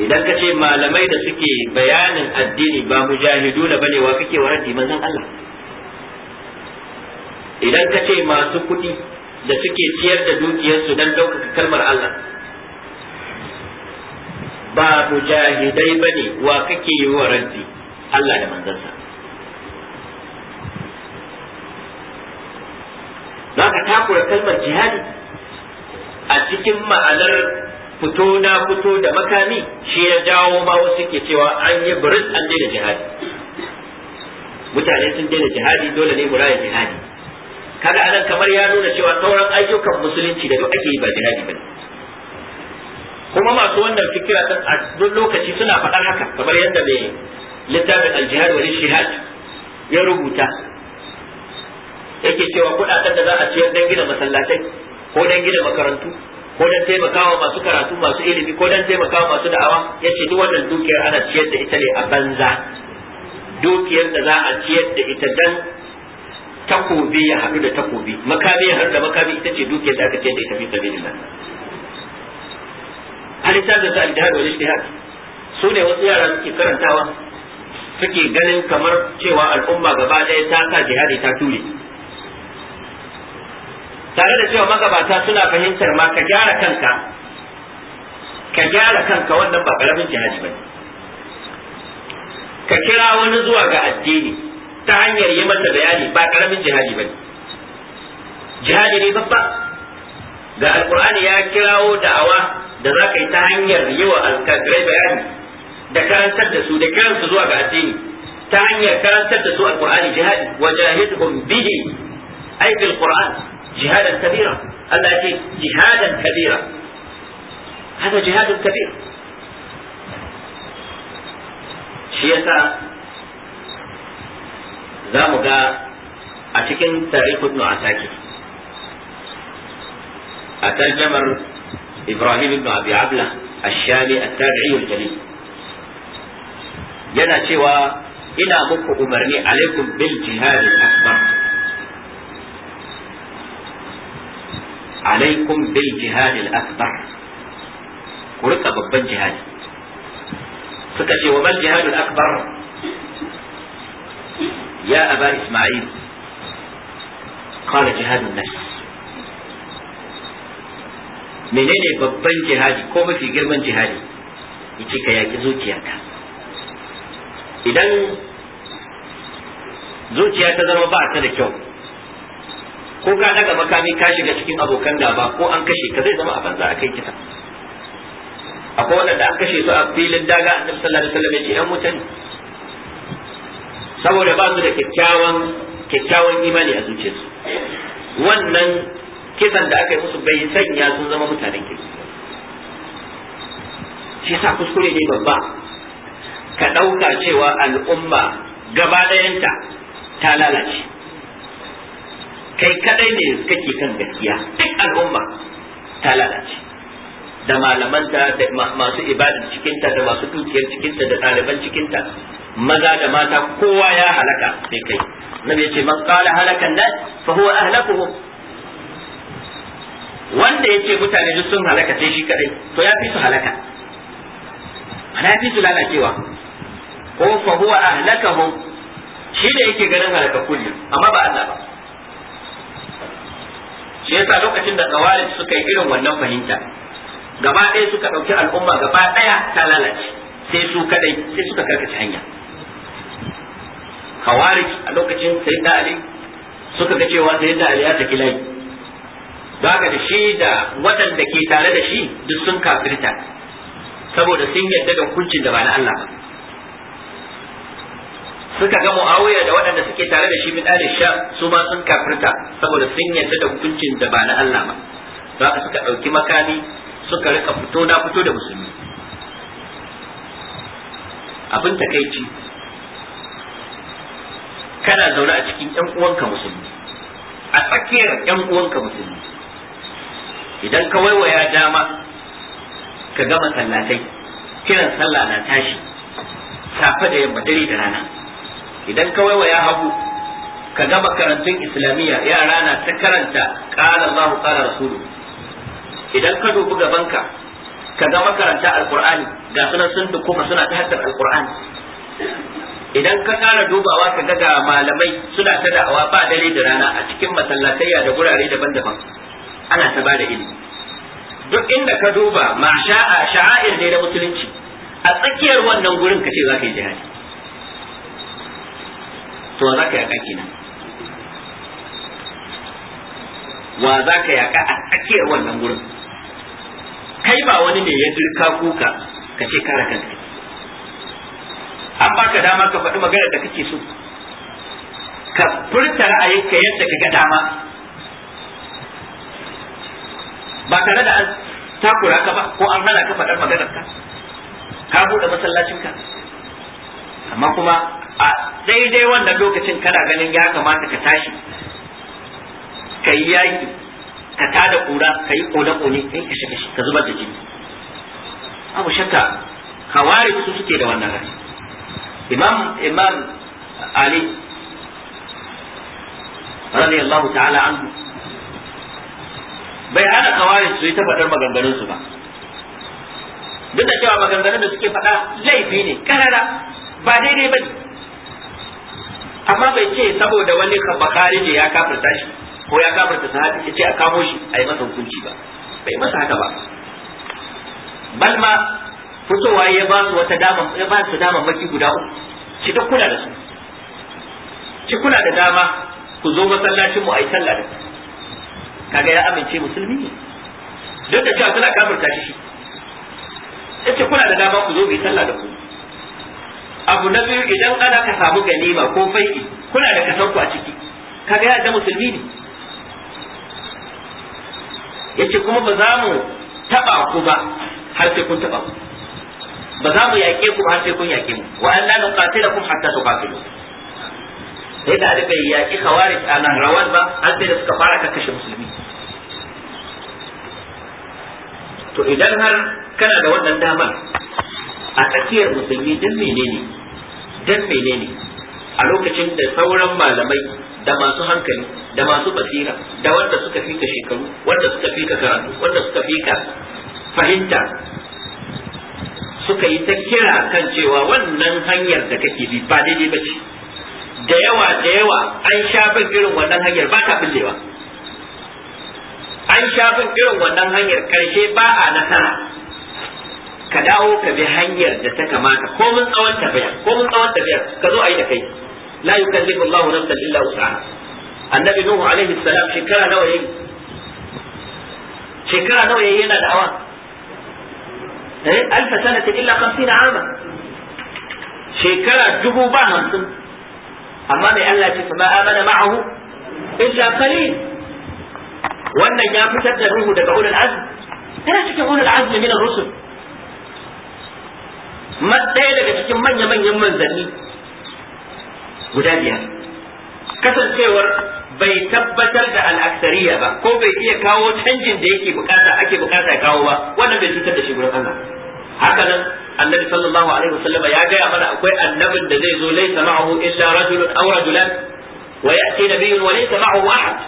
idan ka ce malamai da suke bayanin addini ba mujahiduna bane wa kake waranti manzan Allah idan ka ce masu kuɗi da suke ciyar da dukiyarsu don ɗaukaka kalmar Allah ba mujahidai bane wa kake yi wa Allah da manzansa za ka takura kalmar jihadi a cikin ma'anar fito na fito da makami shi ya jawo ma wasu ke cewa an yi buris an daina jihadi mutane sun daina jihadi dole ne muraya jihadi kaga anan kamar ya nuna cewa sauran ayyukan musulunci da duk ake yi ba jihadi bane kuma masu wannan fikira a duk lokaci suna faɗar haka kamar yadda mai littafin aljihar wani shihad ya rubuta yake cewa kuɗaɗen da za a ciyar don gina masallatai ko dan gina makarantu ko dan taimakawa masu karatu masu ilimi ko dan taimakawa masu da'awa yace duk wannan dukiyar ana ciyar da ita ne a banza dukiyar da za a ciyar da ita dan takobi ya haɗu da takobi makami ya haɗu da makami ita ce dukiyar da aka ciyar da ita fi na alisar da al wani wal ijtihad su ne wasu yara suke karantawa suke ganin kamar cewa al'umma gaba ɗaya ta sa jihadi ta ture tare da cewa magabata suna fahimtar ma ka gyara kanka ka gyara kanka wannan ba karamin jihadi ba ka kira wani zuwa ga addini ta hanyar yi masa bayani ba karamin jihadi ba jihadi ne babba ga alkur'ani ya kirawo da'awa da za ka yi ta hanyar yi wa alkafirai bayani da karantar da su da su zuwa ga addini ta hanyar karantar da su alkur'ani jihadi wa jahidhum bihi ay qur'an jihadan kabira Allah ya jihadan kabira hada jihadun kabir shi yasa za mu ga a cikin tarihi ibn asaki a tarjamar ibrahim ibn الشامي التابعي الجليل yana cewa ina muku umarni alaikum bin Jihadi akbar alaikum bil jihadil akbar ku rika babban jihadi suka ce wa bal jihadil akbar ya aba isma'il qala jihadun nas menene babban jihadi ko mafi girman jihadi yace ka yaki zuciyarka idan zuciya ta zama ba ta da kyau ko ka daga makami ka shiga cikin abokan gaba ko an kashe ka zai zama a banza a kai kisa akwai waɗanda an kashe su a filin daga annabi sallallahu alaihi wasallam ya yan mutane. saboda ba su da kyakkyawan kyakkyawan imani a zuciyarsu wannan kisan da aka yi musu bai sanya sun zama mutanen kirki shi sa kuskure ne babba ka ɗauka cewa al'umma gaba ɗayanta ta lalace kai kadai ne kake kan gaskiya duk al'umma ta lalace da malamanta da masu ibadar cikinta da masu dukiyar cikinta da ɗaliban cikinta maza da mata kowa ya halaka sai kai nabi yace man qala halakan nas fa huwa ahlakuhum wanda yace mutane duk sun halaka sai shi kadai to ya fi su halaka ana fi su lalacewa ko fa huwa ahlakuhum shi da yake ganin halaka kullum amma ba Allah ba shi yasa lokacin da kawarin suka yi irin wannan fahimta gaba ɗaya suka ɗauki al'umma gaba ɗaya ta lalace sai su kadai sai suka karkace hanya kawarin a lokacin da ali suka ga cewa da ali ya saki layi daga da shi da waɗanda ke tare da shi duk sun kafirta saboda sun yarda da hukuncin da ba na Allah ba suka ga muawiya da waɗanda suke tare da shi min ali sham su ma sun kafirta saboda sun yarda da hukuncin da ba na Allah ba za ka suka ɗauki makami suka rika fito na fito da musulmi abin takaici kana zaune a cikin ƴan uwanka musulmi a tsakiyar ƴan uwanka musulmi idan ka waiwaya dama ka gama masallatai kiran sallah na tashi safe da yamma dare da rana idan ka ya hagu ka gama karantun islamiyya yara na ta karanta qala Allahu ƙara rasulu idan ka dubi gabanka ka gama karanta alqur'ani ga sunan sun kuma suna ta haddar alqur'ani idan ka kara dubawa ka ga ga malamai suna ta da'awa ba dare da rana a cikin masallatayya da gurare daban-daban ana ta bada ilimi duk inda ka duba ma sha'a sha'air ne na musulunci a tsakiyar wannan gurin ka ce za ka yi jihadi to za ka yaƙa kenan wa za ka yaƙa a tsakiyar wannan gurin kai ba wani ne ya dirka kuka ka ce kare kanka an baka dama ka faɗi magana da kake so ka furta ra'ayinka yadda ka ga dama ba tare da an takura ka ba ko an hana ka faɗar maganar ka ka buɗe masallacinka amma kuma a daidai wannan lokacin kana ganin ya kamata ka tashi ka yi yaƙi ka tada ƙura ka yi ƙone-ƙone kai kashe kashe ka zubar da jini abu shakka kawari su suke da wannan rai imam imam ali radiyallahu ta'ala anhu bai hana kawari su yi ta faɗar maganganun su ba duk da cewa maganganun da suke faɗa laifi ne karara ba daidai ba ne amma bai ce saboda wani bakari ne ya kafirta shi ko ya kafirta sahabi ya ce a kamo shi a yi masa hukunci ba bai masa haka ba bal ma fitowa ya ba su wata dama ya ba su dama maki guda uku ki duk kula da su ki kula da dama ku zo masallacin mu yi sallah da kaga ya amince musulmi ne duk da cewa suna kafirta shi ce kuna da dama ku zo mu yi sallah da ku abu na biyu idan ana ka samu ganima ko faiki kuna da kasanku a ciki kaga ya da musulmi ne yace kuma ba za mu taba ku ba har sai kun taba ku ba za mu yaƙe ku har sai kun yaƙe mu wa an la nuqatilakum hatta tuqatilu sai da aka yi yaƙi khawarij a nan rawan ba har sai da suka fara ka kashe musulmi to idan har kana da wannan damar a tsakiyar musulmi din menene dan menene a lokacin da sauran malamai da masu hankali da masu basira da wanda suka fika shekaru wanda suka fika karatu wanda suka fika fahimta suka yi ta kira kan cewa wannan hanyar da kake bi ba daidai ba ce da yawa da yawa an bin irin wannan hanyar ba ta billewa an shafin irin wannan hanyar karshe ba a nasara ka dawo ka bi hanyar da ta kamata ko mun tsawon tafiya ko mun tsawon tafiya ka zo ayi da kai la yukallifu Allah nafsan illa wus'aha annabi nuhu alaihi salam shekara nawa yayi shekara nawa yayi yana da'awa eh alfa sanatin illa 50 ama shekara dubu ba hamsin amma mai Allah ce fa ma amana ma'ahu illa qalil wannan ya fitar da ruhu daga ulul azm yana cikin ulul azmi min ar-rusul ɗaya daga cikin manya-manyan manzanni guda biyar kasancewar bai tabbatar da al'aksariya ba ko bai iya kawo canjin da yake bukata ake bukata ya kawo ba wannan bai cutar da shi gurin Allah haka nan annabi sallallahu alaihi wasallama ya gaya mana akwai annabin da zai zo laysa ma'ahu illa rajulun aw rajulan wa ya'ti nabiyyu wa laysa ma'ahu ahad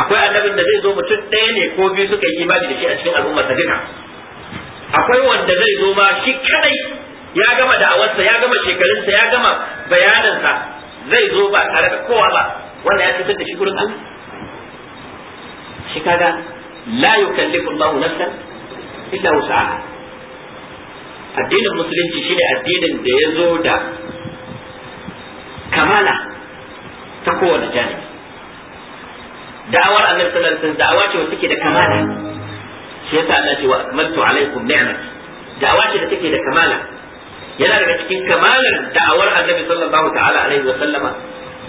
akwai annabin da zai zo mutum ɗaya ne ko biyu suka yi imani da shi a cikin al'umma ta akwai wanda zai zo ba shi kadai ya gama da'awarsa ya gama shekarunsa ya gama bayanansa zai zo ba tare da kowa ba wanda ya cutar da shi gurin Allah shi kaga la yukallifu Allahu nafsan illa wus'aha addinin musulunci shine addinin da ya zo da kamala ta kowane janibi da'awar annabi sallallahu alaihi wasallam da'awa ce wacce take da kamala shi yasa Allah ce wa akmaltu alaikum ni'mati da'awa ce da take da kamala yana daga cikin kamalar da'awar annabi sallallahu ta'ala alaihi wa sallama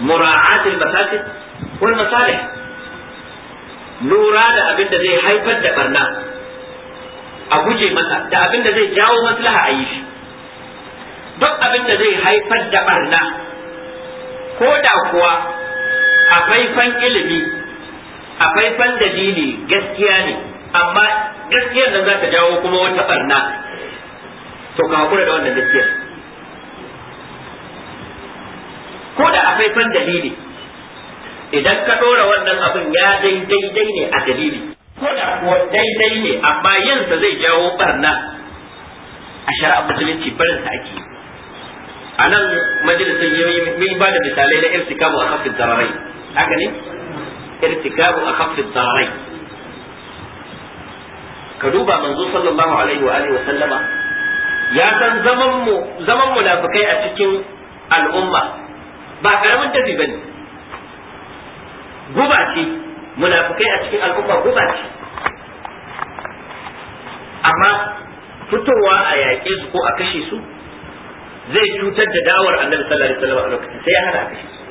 mura'atul mafasid wal masalih lura da abin da zai haifar da barna a guje masa da abin da zai jawo maslaha a yi shi duk abin da zai haifar da barna ko da kuwa a faifan ilimi a faifan dalili gaskiya ne amma gaskiyar nan za ta jawo kuma wata barna to ka hakura da wannan gaskiyar ko da a faifan dalili idan ka ɗora wannan abin ya daidai ne a dalili ko da kuwa daidai ne amma yansa zai jawo barna a shari'ar musulunci barinsa ake a nan majalisin yi ba da misalai na irtikabu a kafin zararai haka ne irtikabu a kafin zararai ka duba manzo sallallahu alaihi wa alihi wa sallama ya san zaman mu zaman munafikai a cikin al'umma ba karamin dafi bane guba ce munafikai a cikin al'umma guba ce amma fitowa a yaƙe su ko a kashe su zai cutar da dawar annabi sallallahu alaihi wasallam a lokacin sai ya hana a kashe su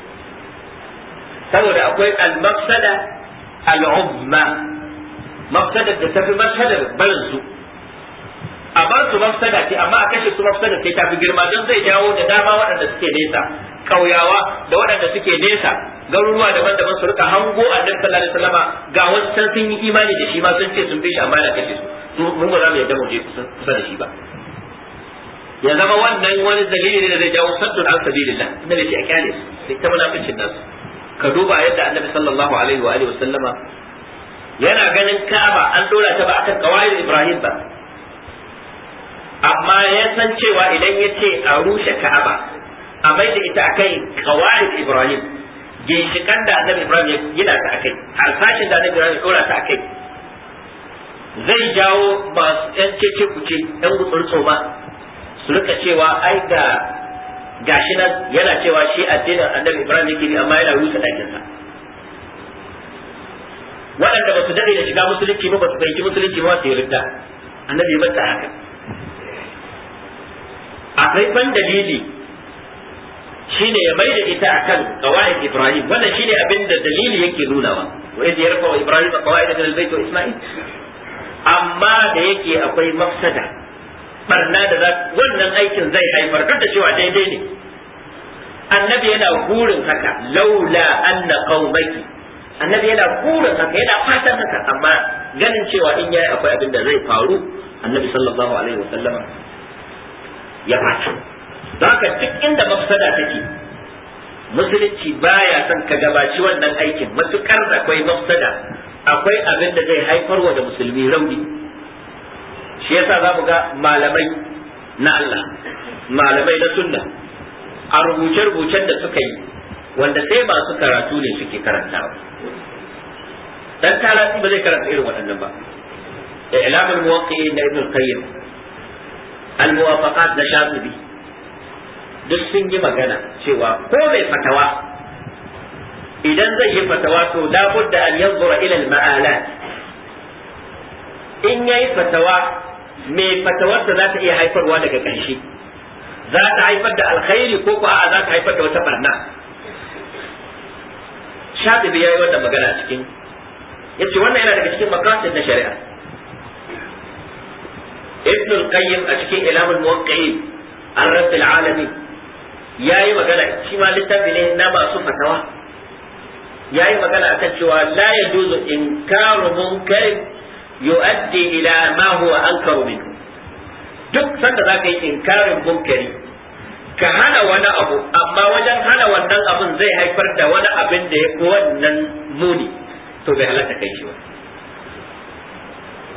saboda akwai al-mafsada al-umma mafsadar da tafi mafsadar barin su a bar su mafsada ce amma a kashe su mafsadar sai tafi girma don zai jawo da dama waɗanda suke nesa ƙauyawa, da waɗanda suke nesa garuruwa daban-daban su rika hango annabi sallallahu alaihi wasallama ga wasu can sun yi imani da shi ma sun ce sun fi shi amma yana kashe su mun ba za mu yadda mu je kusa da shi ba ya zama wannan wani dalili ne da zai jawo saddun an sabilillah inda ne a kyale su sai ta munafincin nasu ka duba yadda annabi sallallahu alaihi wa alihi wasallama yana ganin kaba an dora ta ba kan kawai Ibrahim ba amma ya san cewa idan ya ce a rushe kaba a mai da ita kai kawai Ibrahim ginshikan da Annabi Ibrahim ya gina ta har harsashin da Annabi Ibrahim ya dora ta kai. zai jawo masu yan cece kuce yan gutsurtso ba su rika cewa ai ga gashi nan yana cewa shi addinin Annabi Ibrahim yake ne amma yana rusa ɗakinsa. sa waɗanda ba su daɗe da shiga musulunci ba ba su fahimci musulunci ba su yi ridda annabi ya bata haka A ban dalili shi ne ya mai da ita akan qawaid ibrahim wannan shine abin da dalili yake nunawa wa ya idh wa ibrahim qawaid min al-bayt wa isma'il amma da yake akwai mafsada barna da za wannan aikin zai haifar kar da cewa daidai ne annabi yana gurin haka laula anna qaumaki annabi yana kura haka yana fatan haka amma ganin cewa in yayi akwai abin da zai faru annabi sallallahu alaihi wasallama ya fata don haka duk inda mafsada take musulunci baya son ka gabaci wannan aikin matukar da akwai mafsada akwai abin da zai haifarwa da musulmi rauni shi yasa za mu ga malamai na Allah malamai na sunna a rubuce-rubucen da suka yi wanda sai masu karatu ne suke karantawa dan karatu ba zai karanta irin waɗannan ba إعلام qayyim al-muwafaqat da shafi'i duk sun yi magana cewa ko mai fatawa idan zai yi fatawa to labudda an yanzura ila ma'alat in yayi fatawa mai fatawar da za ta iya haifarwa daga ƙarshe za ta haifar da alkhairi ko ko a za ta haifar da wata barna ya yi wannan magana cikin. Ya ce wannan yana daga cikin makasid na shari'a ibn al-qayyim a cikin ilamul muwaqqi'in an rabbil alamin yi magana shi ma littafi ne na masu fatawa Ya yi magana akan cewa la yajuzu inkaru munkar yu'addi ila ma huwa ankaru minhu duk sanda zaka yi inkarin munkari ka hana wani abu amma wajen hana wannan abun zai haifar da wani abin da ya fi wannan muni to bai halatta kai shi ba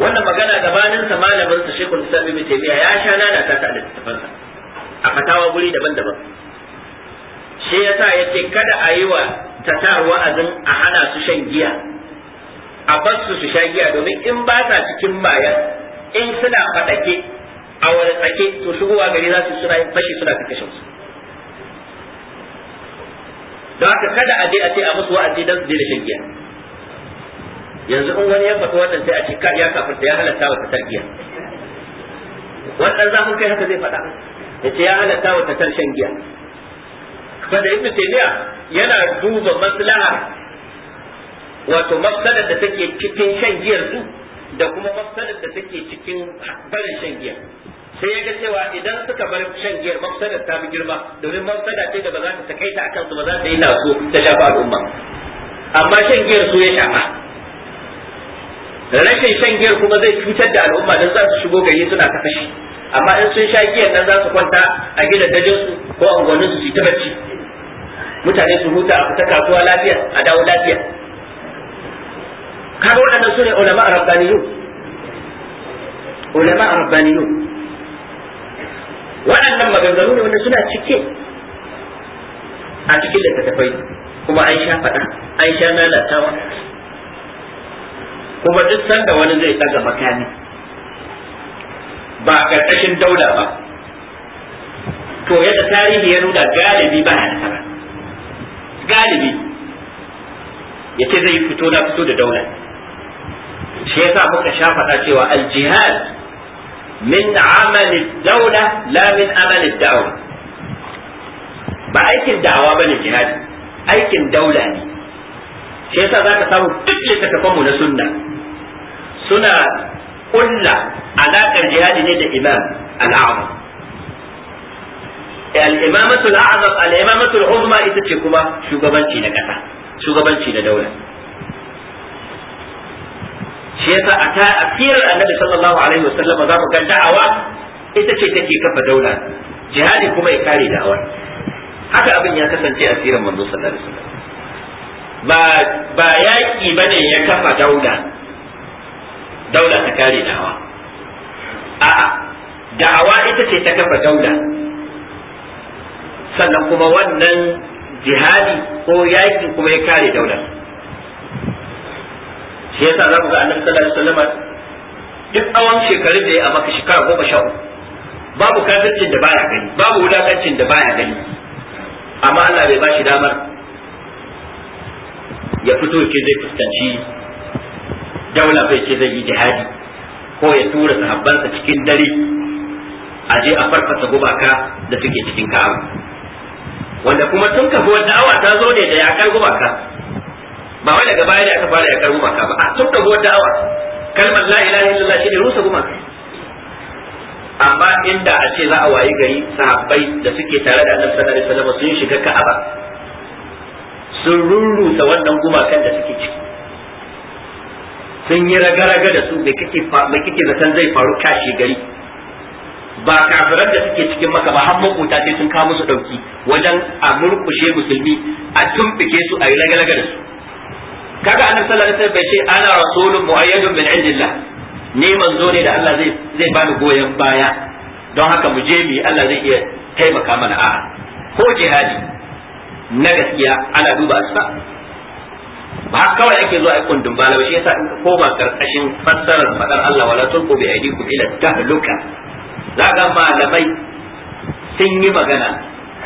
wannan magana gabanin sa malamin sa Sheikhul Islam Ibn Taymiyyah ya sha nana ta ta littafin sa a fatawa guri daban-daban shi yasa yace kada a yi wa tatar wa'azin a hana su shan giya a bar su su sha giya domin in ba sa cikin bayan in suna fadake a wani tsake to shigowa gari za su suna yin fashi suna ta kashe su don haka kada a je a ce a musu wa'azi don su je da shan giya yanzu in wani ya faɗi wannan sai a ce ka ya da ya halatta wa tatar giya wannan zafin kai haka zai faɗa ya ce ya halatta wa tatar shan giya da ibnu taymiya yana duba maslaha wato mafsadar da take cikin shan giyar su da kuma mafsadar da take cikin barin shan giya sai ya ga cewa idan suka bar shan giyar mafsadar ta bi girma domin mafsada ce da ba za ta takaita akan su ba za ta yi naso ta shafa al'umma amma shan giyar su ya shafa rashin shan giyar kuma zai cutar da al'umma don za su shigo gari suna ta fashi amma in sun sha giyar nan za su kwanta a gidan su ko a unguwanninsu su yi ta bacci mutane su huta a fita kasuwa lafiya a dawo lafiya kaga waɗannan ne ulama rabbaniyu ulama rabbaniyu waɗannan maganganu ne wanda suna cike a cikin littattafai kuma an sha faɗa an sha lalatawa kuma duk sanda wani zai ɗaga makami ba ƙarƙashin daula ba to yadda tarihi ya nuna galibi ba halatta ba galibi ya ce zai fito na fito da daula shi yasa muka sha faɗa cewa al-jihad min amal ad-dawla la min amal dawa ba aikin da'awa bane jihad aikin daula ne shi yasa zaka samu duk littattafan mu na sunna suna kulla alaƙar jihadi ne da imam al-a'zam al-imamatu al-a'zam al-imamatu al-uzma ita ce kuma shugabanci na kasa shugabanci na daula shi yasa a ta asirar annabi sallallahu alaihi wa sallam za mu ga da'awa ita ce take kafa daula jihadi kuma ya kare da'awa haka abin ya kasance asirar manzo sallallahu alaihi wasallam ba ba yaki bane ya kafa daula daula ta kare da'awa a'a da'awa ita ce ta kafa daula sannan kuma wannan jihadi ko yaki kuma ya kare daular shi yasa za ku ga annabi sallallahu alaihi wasallam duk tsawon shekarun da ya a maka shekara goma sha uku babu kafircin da baya gani babu wulakancin da baya gani amma Allah bai bashi damar ya fito ke zai fuskanci daula bai ce zai yi jihadi ko ya tura sahabbansa cikin dare a je a farfasa gubaka da suke cikin ka'aba wanda kuma tun wata awa ta zo ne da yakar gubaka ba wai daga baya ne aka fara yakar gumaka ba a tun da gowar da'awa kalmar la ilaha illallah shine rusa gumaka amma inda a ce za a wayi gari sahabbai da suke tare da annabi sallallahu alaihi wasallam sun shiga ka'aba sun rurrusa wannan gumakan da suke ciki sun yi ragaraga da su bai kike zaton zai faru kashi gari ba kafiran da suke cikin maka ba har makota sai sun kawo su dauki wajen a murkushe musulmi a tumfike su a yi ragaraga da su kaga annabi sallallahu alaihi wasallam bai ce ana rasulun muayyadun min indillah ni manzo ne da Allah zai zai bani goyon baya don haka mu je mi Allah zai iya taimaka mana a ko jihadi na gaskiya ana duba asfa ba kawai yake zuwa ai kundin bala ba shi yasa in ba karkashin fassarar madar Allah wala tulqu bi aydikum ila tahluka zaga malamai sun yi magana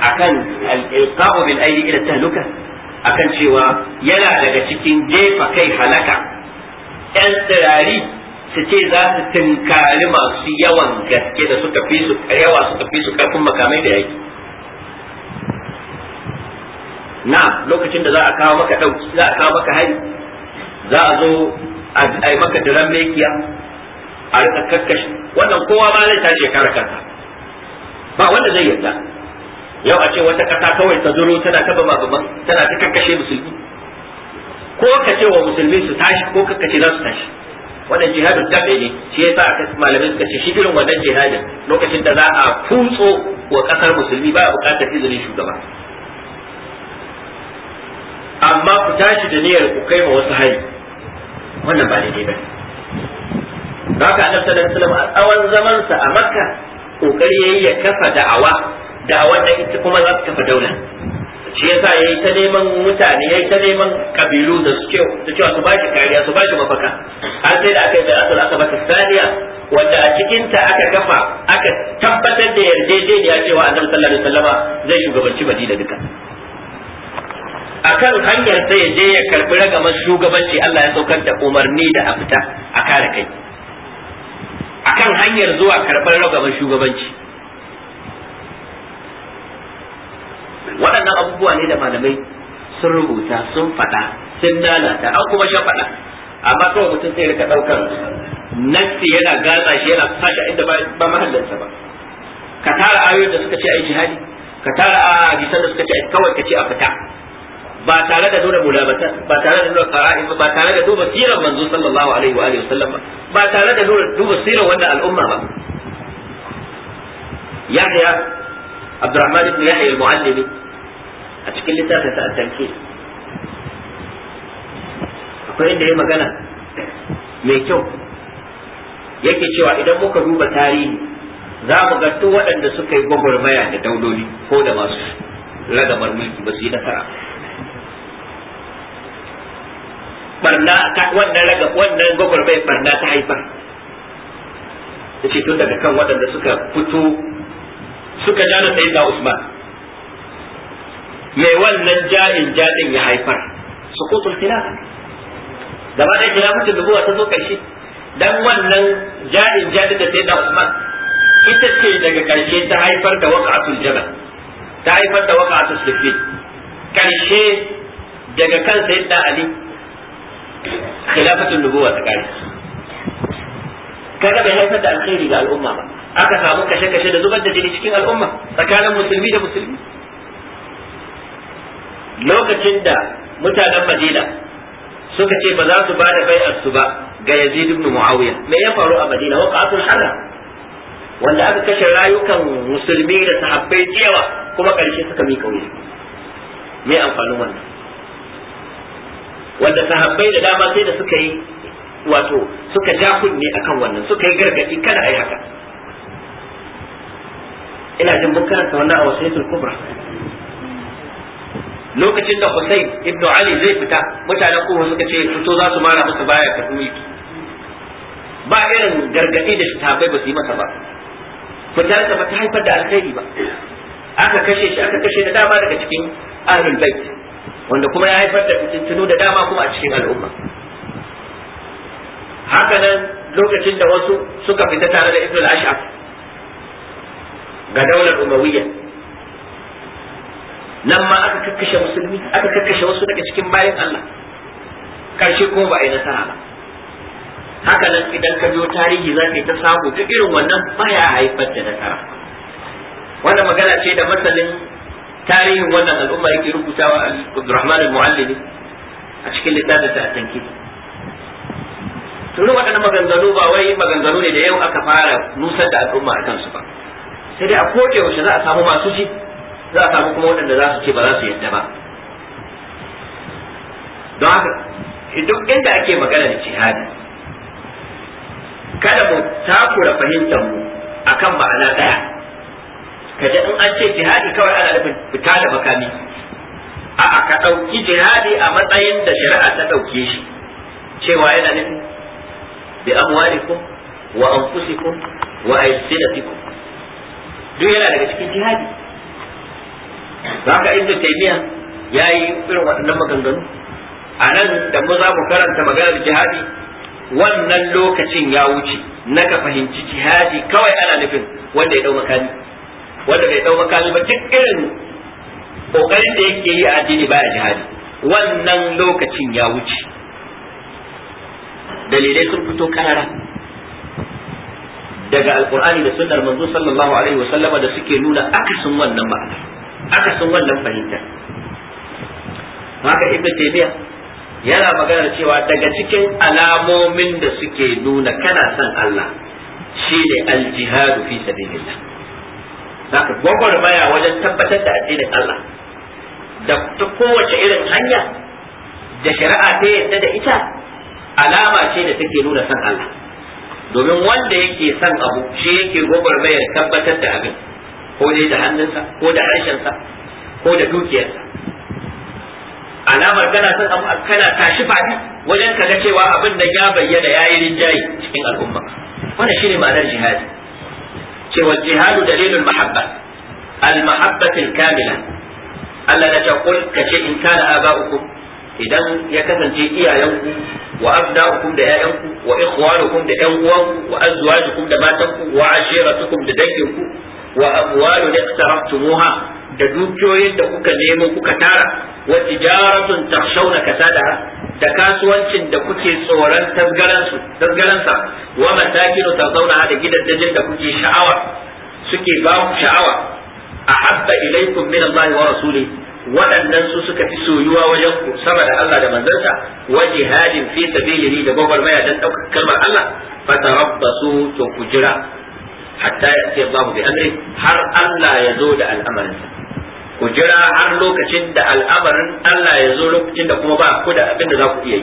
akan al-ilqa'u bil aydi ila tahluka akan cewa yana daga cikin jefa kai halaka ‘yan tsirari su ce za su tunkari masu yawan gaske da suka fi su yawa suka fi su karfin makamai da yaki na lokacin da za a kawo maka dauki za a kawo maka hari za a zo a yi maka diran mekiya a rika kakkashi wannan kowa ma zai tashi ya kara kansa ba wanda zai yarda yau a ce wata ƙasa kawai ta zuru tana ta bama tana ta kakkashe musulmi ko ka ce wa musulmi su tashi ko ka ce za su tashi wannan jihadin tabe ne shi sa aka malamai suka ce shi wannan jihadin lokacin da za a kutso wa ƙasar musulmi ba a buƙatar izinin shugaba amma ku tashi da niyyar ku kai ma wasu hari wannan ba daidai ba ne haka annabi sallallahu alaihi wasallam a tsawon zamansa a makka kokari yayi ya kafa da'awa da wannan ita kuma za su tafi daula shi yasa yayi ta neman mutane yayi ta neman kabilu da suke su cewa su ba shi kariya su ba shi mafaka har sai da aka yi asal aka ta saniya wanda a cikin ta aka kafa aka tabbatar da yarjejeniya cewa annabi sallallahu alaihi wasallama zai shugabanci Madina duka akan hanyar sai ya je ya karbi ragamar shugabanci Allah ya saukar da umarni da a fita a kare kai akan hanyar zuwa karbar ragamar shugabanci waɗannan abubuwa ne da malamai sun rubuta sun faɗa sun lalata an kuma sha faɗa amma kawai mutum sai rika ɗaukar nassi yana gaza shi yana sashi inda ba mahallinsa ba ka tara ayoyin da suka ce ai jihadi ka tara a hadisan da suka ce kawai ka ce a fita ba tare da nuna mulabata ba tare da nuna qara'in ba tare da duba sirar manzo sallallahu alaihi wa alihi wasallam ba tare da nuna duba sirar wannan al'umma ba yahya abdurrahman ibn yahya al-muallimi a cikin littafin ta tanke akwai inda ya magana mai kyau yake cewa idan muka duba tarihi za mu ga duk waɗanda suka yi gwagwarmaya da dauloli ko da masu ragamar mulki ba su yi nasara barna wannan raga wannan gwagwarmaya barna ta haifar da ce tun daga kan waɗanda suka fito suka jana sai da Usman me wannan ja'in ja'in ya haifar sukutul khilaf gaba da khilafatul nubuwa ta zo karshe dan wannan ja'in ja'in da sai da Usman ita ce daga karshe ta haifar da waqatul jabal ta haifar da waqatul siffin karshe daga kan da Ali khilafatul nubuwa ta karshe kaga bai haifar da alkhairi ga al'umma ba aka samu kashe-kashe da zubar da jini cikin al'umma tsakanin musulmi da musulmi lokacin da mutanen madina suka ce ba za su ba da bai'ar su ba ga yazid ibn muawiya me ya faru a madina qatul harra wanda aka kashe rayukan musulmi da sahabbai cewa kuma karshe suka mika wuri me amfanin wannan wanda sahabbai da dama sai da suka yi wato suka ja kunne akan wannan suka yi gargadi kada ai haka ina jin mun karanta wannan a wasaitul kubra lokacin da Hussein ibn Ali zai fita mutanen Uhud suka ce fito za su mara musu baya ka ta ba irin gargadi da sahabbai ba su yi masa ba fitar ba ta haifar da alkhairi ba aka kashe shi aka kashe da dama daga cikin ahlul bait wanda kuma ya haifar da fitintunu da dama kuma a cikin al'umma haka nan lokacin da wasu suka fita tare da ibn al-ash'ab ga daular Umayyah nan ma aka kakkashe musulmi aka kakkashe wasu daga cikin bayan Allah karshe kuma ba a yi nasara ba haka nan idan ka biyo tarihi za ka yi ta samu ta irin wannan baya haifar da nasara wannan magana ce da masalin tarihin wannan al'umma yake rubutawa Abdurrahman al-Muallimi a cikin littafin ta tanki tunu waɗannan maganganu ba wai maganganu ne da yau aka fara nusar da al'umma a kansu ba sai dai a koke wace za a samu masu ji za a samu kuma waɗanda za su ce ba za su yadda ba don haka duk inda ake magana da jihadi kada mu takura fahimtar mu akan ma'ana ɗaya ji in an ce jihadi kawai ana nufin fita da makami a'a ka ɗauki jihadi a matsayin da shari'a ta ɗauke shi cewa yana nufin bi amwalikum wa anfusikum wa aysinakum duk yana daga cikin jihadi inda taimiya ya yi irin waɗannan maganganu a nan da mu za mu karanta maganar jihadi wannan lokacin ya wuce na ka fahimci jihadi kawai ana nufin wanda ya dau makami wanda bai dau makami ba duk irin kokarin da yake yi a addini baya jihadi wannan lokacin ya wuce dalilai sun fito karara daga alkur'ani da sunnar manzo sallallahu alaihi wasallama da suke nuna akasin wannan ma'ana aka san wannan fahimta haka ibnu taymiya yana maganar cewa daga cikin alamomin da suke nuna kana son Allah shine al-jihad fi sabilillah gogor gwagwarmaya wajen tabbatar da addinin Allah da ta kowace irin hanya da shari'a ta yadda da ita alama ce da take nuna son Allah domin wanda yake son abu shi yake baya tabbatar da abin ko dai da hannunsa ko da harshen sa, ko da dukiyarsa alamar kana son abu kana tashi fadi wajen kaga cewa abin da ya bayyana yayi rinjaye cikin al'umma wannan shine ma'anar jihadi cewa jihadu dalilul mahabba al mahabbatil Allah na ce kul kace in kana aba'ukum idan ya kasance iyayenku wa abna'ukum da ƴaƴanku wa ikhwanukum da ƴan uwanku wa azwajukum da matanku wa ashiratukum da danginku wa amwalu da iktaraftumuha da dukiyoyin da kuka nemo kuka tara wa tijaratun takhshawna kasadaha da kasuwancin da kuke tsoron tasgaransu tasgaransa wa masakinu tarzawna da gidajen da kuke sha'awa suke ba ku sha'awa ahabba ilaykum min Allah wa rasuli waɗannan su suka fi soyuwa wajen ku sama da Allah da manzansa wa jihadin fi sabilihi da maya dan ɗaukar kalmar Allah fatarabbasu to ku jira hatta ya ce Allah bi amri har Allah ya zo da al'amarin ku jira har lokacin da al'amarin Allah ya zo lokacin da kuma ba ku da abin da za ku iya yi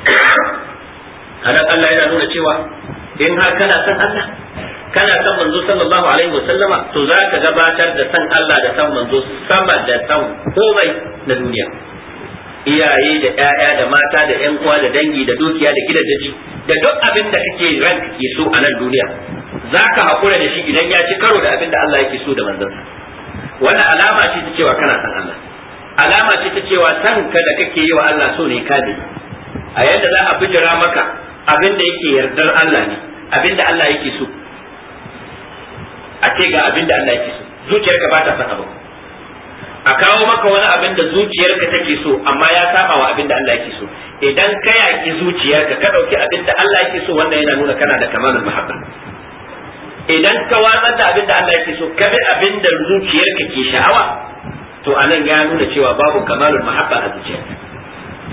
*coughs* anan Allah yana nuna cewa in har kana son Allah kana son manzo sallallahu alaihi wasallama to za ka gabatar da san Allah da san manzo sama da san komai na duniya iyaye da ƴaƴa da mata da ƴan uwa da dangi da dukiya da gidaje da duk abin da kake ran ke so a nan duniya zaka hakura da shi idan ya ci karo da abin da Allah yake so da manzansa wannan alama ce ta cewa kana san Allah alama ce ta cewa san ka da kake yi wa Allah so ne ka bi a yadda za a bijira maka abin da yake yardar Allah ne abin da Allah yake so a ce ga abin da Allah yake so zuciyarka ba ta san abin a kawo maka wani abin da zuciyarka take so amma ya saba wa abin da Allah yake so idan ka yaki zuciyarka ka dauki abin da Allah yake so wannan yana nuna kana da kamalul mahabba idan ka watsar da abin da Allah yake so ka bi abin da zuciyarka ke sha'awa to anan ya nuna cewa babu kamalul mahabba a zuciyarka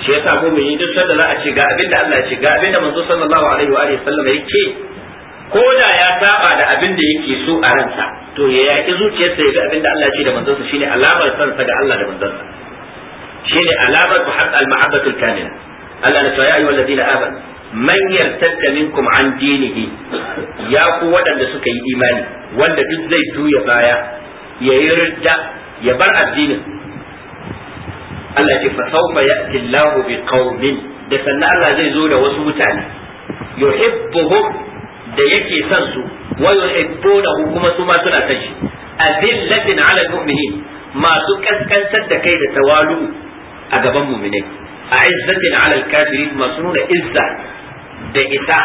shi yasa mu yi duk sanda za a ce ga abin da Allah ya ce ga abin da manzo sallallahu alaihi wa alihi sallama yake ko da ya saba da abin da yake so a ransa to ya yaki zuciyarsa ya ga abin da Allah ce da manzansa shine alamar sansa ga Allah da manzansa shine alamar al haqq al-mahabbatul kamila Allah na ya ayyuhal ladina amanu man yartadda minkum an dinihi ya ku waɗanda suka yi imani wanda duk zai juya baya ya yi ridda ya bar addinin Allah ce fa sawfa ya'ti Allahu bi qaumin da sannan Allah zai zo da wasu mutane yuhibbuhum da yake son su wa yuhibbunahu kuma su ma suna son shi azillatin ala almu'minin masu kaskantar da kai da tawalu a gaban mu'minai a izzatin ala alkafirin masu nuna izza da ita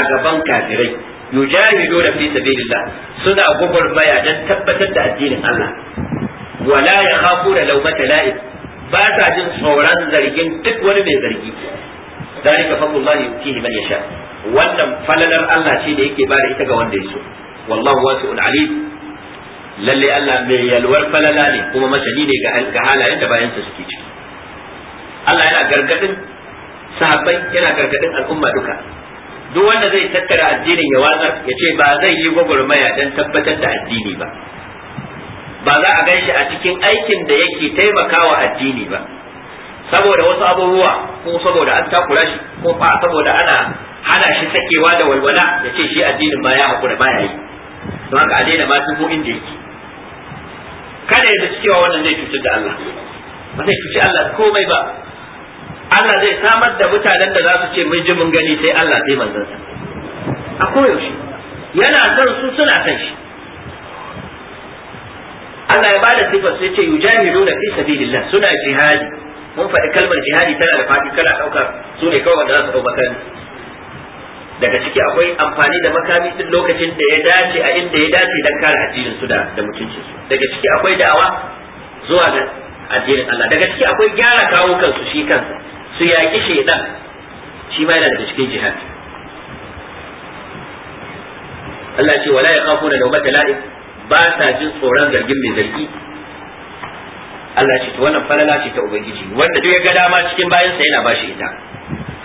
a gaban kafirai yujahiduna fi sabilillah suna gwagwarmaya don tabbatar da addinin Allah wala da laumata la'ib ba sa jin tsoron zargin duk wani mai zargi ذلك فضل الله يؤتيه من wannan falalar Allah ce da yake bada ita ga wanda ya so wallahu wasi'un alim lalle Allah mai yalwar falala ne kuma masani ne ga halayen da bayansa suke ciki Allah yana gargadin sahabbai yana gargadin al'umma duka duk wanda zai tattara addinin ya watsar ya ce ba zai yi gwagwarmaya dan tabbatar da addini ba ba za a gan shi a cikin aikin da yake taimakawa addini ba saboda wasu abubuwa ko saboda an takura shi ko fa saboda ana hana shi sakewa da walwala ya ce shi addinin ba ya haƙura ba ya yi don haka a daina ma duk da yake kada ya zaci cewa wannan zai cutar da Allah ba zai cuci Allah komai ba Allah zai samar da mutanen da za su ce mun ji mun gani sai Allah sai manzansa a koyaushe yana son su suna son shi Allah ya bada sifar sai ce yujahiduna fi sabilillah suna jihadi mun faɗi kalmar jihadi tana da faɗi kana ɗaukar su ne kawai wanda za su ɗau daga ciki akwai amfani da makami din lokacin da ya dace a inda ya dace don kare addinin su da da mutuncin su daga ciki akwai da'awa zuwa ga addinin Allah daga ciki akwai gyara kawo kansu shi kansu su yaki shaidan shi ma yana daga cikin jihad Allah ce wala yakhafuna lawmata la'ib ba sa jin tsoron zargin mai zargi Allah ce to wannan falala ce ta ubangiji wanda duk ya ga dama cikin bayansa yana bashi ita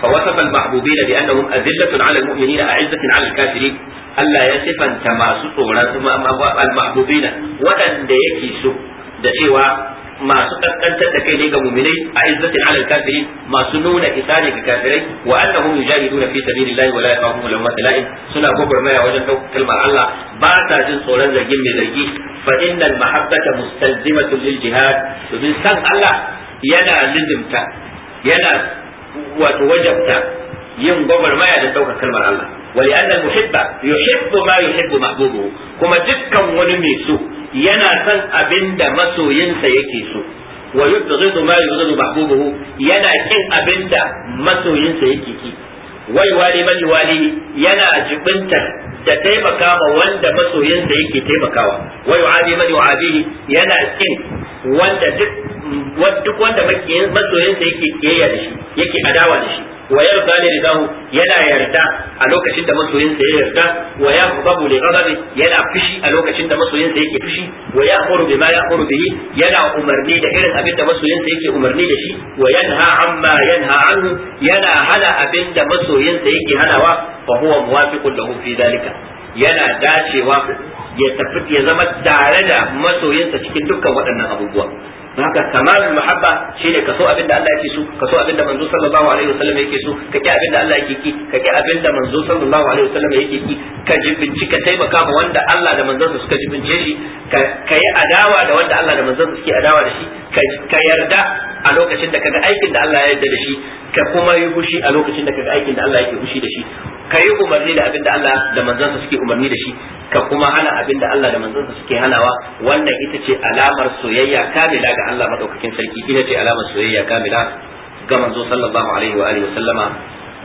فوصف المحبوبين بأنهم أذلة على المؤمنين أعزة على الكافرين ألا يصف أنت ما المحبوبين وأن يكيسوا da cewa masu kaskantar da kai ne ga muminai a izzatin alal kafiri masu nuna isa ne ga kafirai wa annahum yujahiduna fi sabilillahi wa la yakhafuna lawmat la'in suna gogormaya wajen daukar kalmar Allah ba ta jin tsoron zargin mai zargi fa innal mahabbata mustalzimatun lil jihad domin san Allah yana lizimta yana wato wajabta yin maya da ɗaukar kalmar Allah wa li anna muhibba yuhibbu ma yuhibbu mahbubu kuma dukkan wani mai so yana son abinda masoyinsa yake so wa yubghidu ma yubghidu mahbubuhu yana kin abinda masoyinsa yake ki wai wali man wali yana jibinta da taimaka ma wanda masoyinsa yake taimakawa wai wali man yu'adihi yana kin wanda duk duk wanda masoyinsa yake kiyayya da shi yake adawa da shi wa yarda li ridahu yana yarda a lokacin da masoyinsa ya yarda wa yaghdabu li ghadabi yana fushi a lokacin da masoyinsa yake fushi wa ya'muru bima ya'muru bihi yana umarni da irin abin da masoyinsa yake umarni da shi wa yanha amma yanha anhu yana hana abin da masoyinsa yake hanawa fa huwa muwafiqun lahu fi dalika yana dacewa ya tafi ya zama tare da masoyinsa cikin dukkan waɗannan abubuwa don haka muhabba shi ne ka so abinda Allah yake so ka so abinda manzo sallallahu alaihi wasallam yake so ka ki abinda Allah yake ki ka ki abinda manzo sallallahu alaihi wasallam yake ki ka jibinci ka taimaka ma wanda Allah da manzon suka jibince shi ka yi adawa da wanda Allah da manzon suke adawa da shi ka yarda a lokacin da kaga aikin da Allah ya yarda da shi ka kuma yi fushi a lokacin da kaga aikin da Allah yake fushi da shi ka yi umarni da abinda Allah da manzansa suke umarni da shi ka kuma hana abinda Allah da manzansa suke hanawa wannan ita ce alamar soyayya kamila ga Allah madaukakin sarki ita ce alamar soyayya kamila ga manzo sallallahu alaihi wa alihi sallama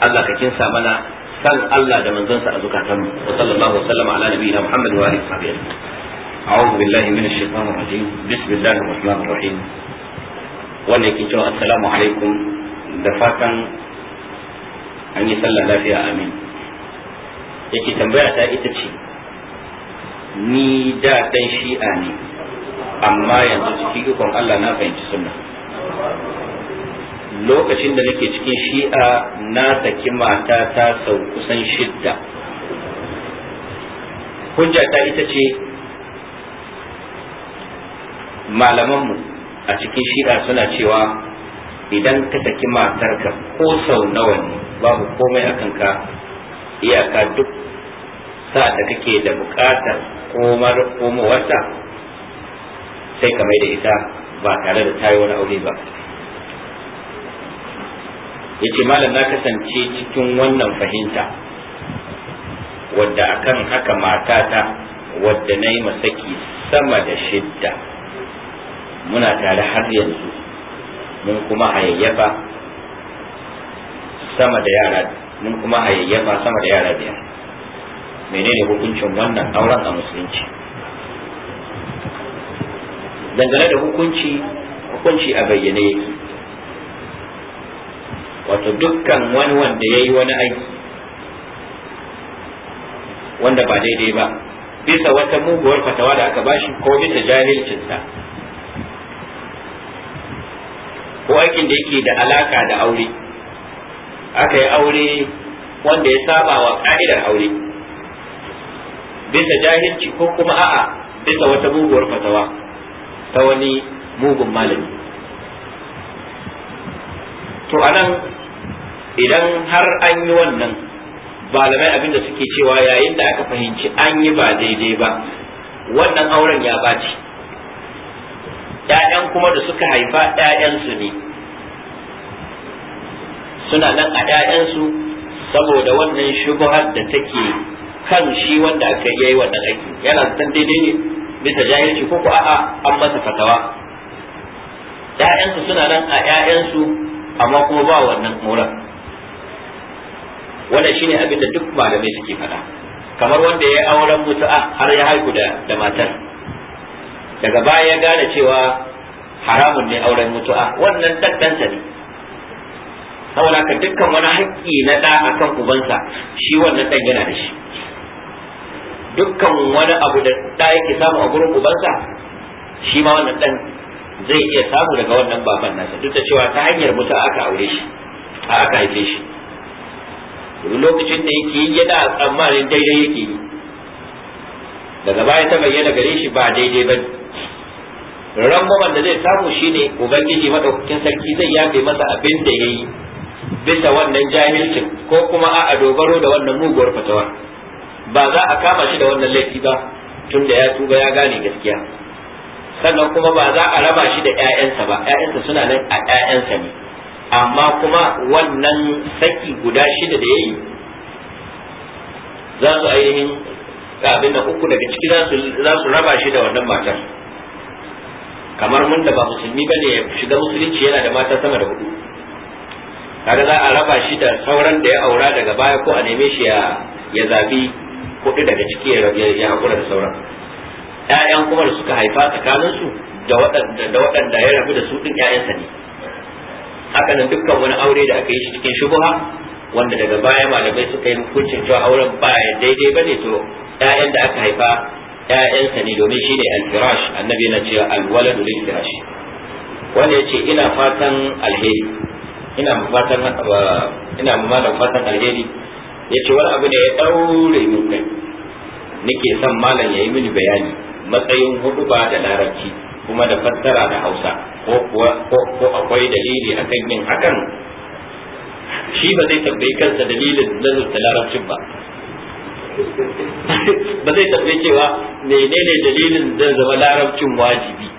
Allah ka kinsa mana san Allah da manzansa a zukatanmu wa sallallahu wa sallama ala nabiyina Muhammad wa alihi sahbihi أعوذ بالله من الشيطان الرجيم بسم الله الرحمن الرحيم wanda yake cewa assalamu alaikum da fatan an yi sallah lafiya amin yake tambaya ta ita ce ni da dan shi'a ne amma yanzu cikin ikon Allah na fahimci sunna lokacin da nake cikin shi'a na saki mata ta sau kusan shidda hujja ta ita ce malamanmu a cikin shi'a suna cewa idan ka saki ka ko sau nawa ne babu komai akan ka iyaka duk sa da kake da bukatar komar komowarta sai ka mai da ita ba tare da tayi wani aure ba yace malam na kasance cikin wannan fahimta wadda akan haka matata wadda na yi masaki sama da shidda muna tare har yanzu mun kuma hayayyafa sama da yara mun kuma hayayyafa sama da yara biyar menene hukuncin wannan auren a musulunci dangane da hukunci hukunci a bayyane yake wato dukkan wani wanda ya yi wani aiki wanda ba daidai ba bisa wata muguwar fatawa da aka bashi ko bisa jahilcinsa ko aikin da yake da alaka da aure aka yi aure wanda ya saba wa ka'idar aure bisa jahilci ko kuma a'a bisa wata buguwar fatawa ta wani mugun malami to anan idan har an yi wannan malamai abinda suke cewa yayin da aka fahimci an yi ba daidai ba wannan auren ya ɓaci ‘ya'yan kuma da suka haifa ‘ya'yansu ne suna nan a ƴaƴansu saboda wannan shubuhar da take kan shi wanda aka yi wannan aiki yana san daidai ne bisa jahilci ko ko a'a an masa fatawa ƴaƴansu suna nan a ƴaƴansu amma kuma ba wannan moran wannan shine abin da duk malamai suke faɗa kamar wanda ya yi auren mutu'a har ya haihu da matar daga baya ya gane cewa haramun ne auren mutu'a wannan daddanta ne saboda ka dukkan wani haƙƙi na ɗa akan ubansa shi wannan ɗan yana da shi dukkan wani abu da ɗa yake samu a gurin ubansa shi ma wannan ɗan zai iya samu daga wannan baban nasa duk da cewa ta hanyar mutu aka aure shi a aka haife shi lokacin da yake yi yana tsammanin daidai yake yi daga baya ta bayyana gare shi ba daidai ba ran da zai samu shine ubangiji madaukakin sarki zai yafe masa abin da ya yi bisa wannan jahilcin ko kuma a dogaro da wannan muguwar fatawar ba za a kama shi da wannan laifi ba tun da ya tuba ya gane gaskiya sannan kuma ba za a raba shi da 'ya'yansa ba 'ya'yansa suna nan a 'ya'yansa ne amma kuma wannan saki guda shida da ya yi za su ainihin abin da uku daga ciki za su raba shi da wannan matar kamar mun da ba musulmi bane ya shiga musulunci yana da mata sama da hudu kaga za a raba shi da sauran da ya aura daga baya ko a neme shi ya zabi kuɗi daga ciki ya hakura da sauran ƴaƴan kuma da suka haifa tsakanin su da waɗanda da waɗanda ya rabu da su ɗin ƴaƴansa ne haka nan dukkan wani aure da aka yi shi cikin shubuha wanda daga baya malamai suka yi hukuncin cewa auren ba daidai bane to ƴaƴan da aka haifa ƴaƴansa ne domin shine al-firash annabi na cewa al-waladu lil-firash wanda yace ina fatan alheri ina fatan eh, ina malam fatan alheri ce wani abu da ya daure min kai nake son malam ya yi mini bayani matsayin hudu ba da larabci kuma da fassara da Hausa ko akwai dalili akan yin hakan shi ba zai tambayi kansa dalilin nazarta larabcin ba *laughs* ba zai tambayi cewa menene dalilin zai zama larabcin wajibi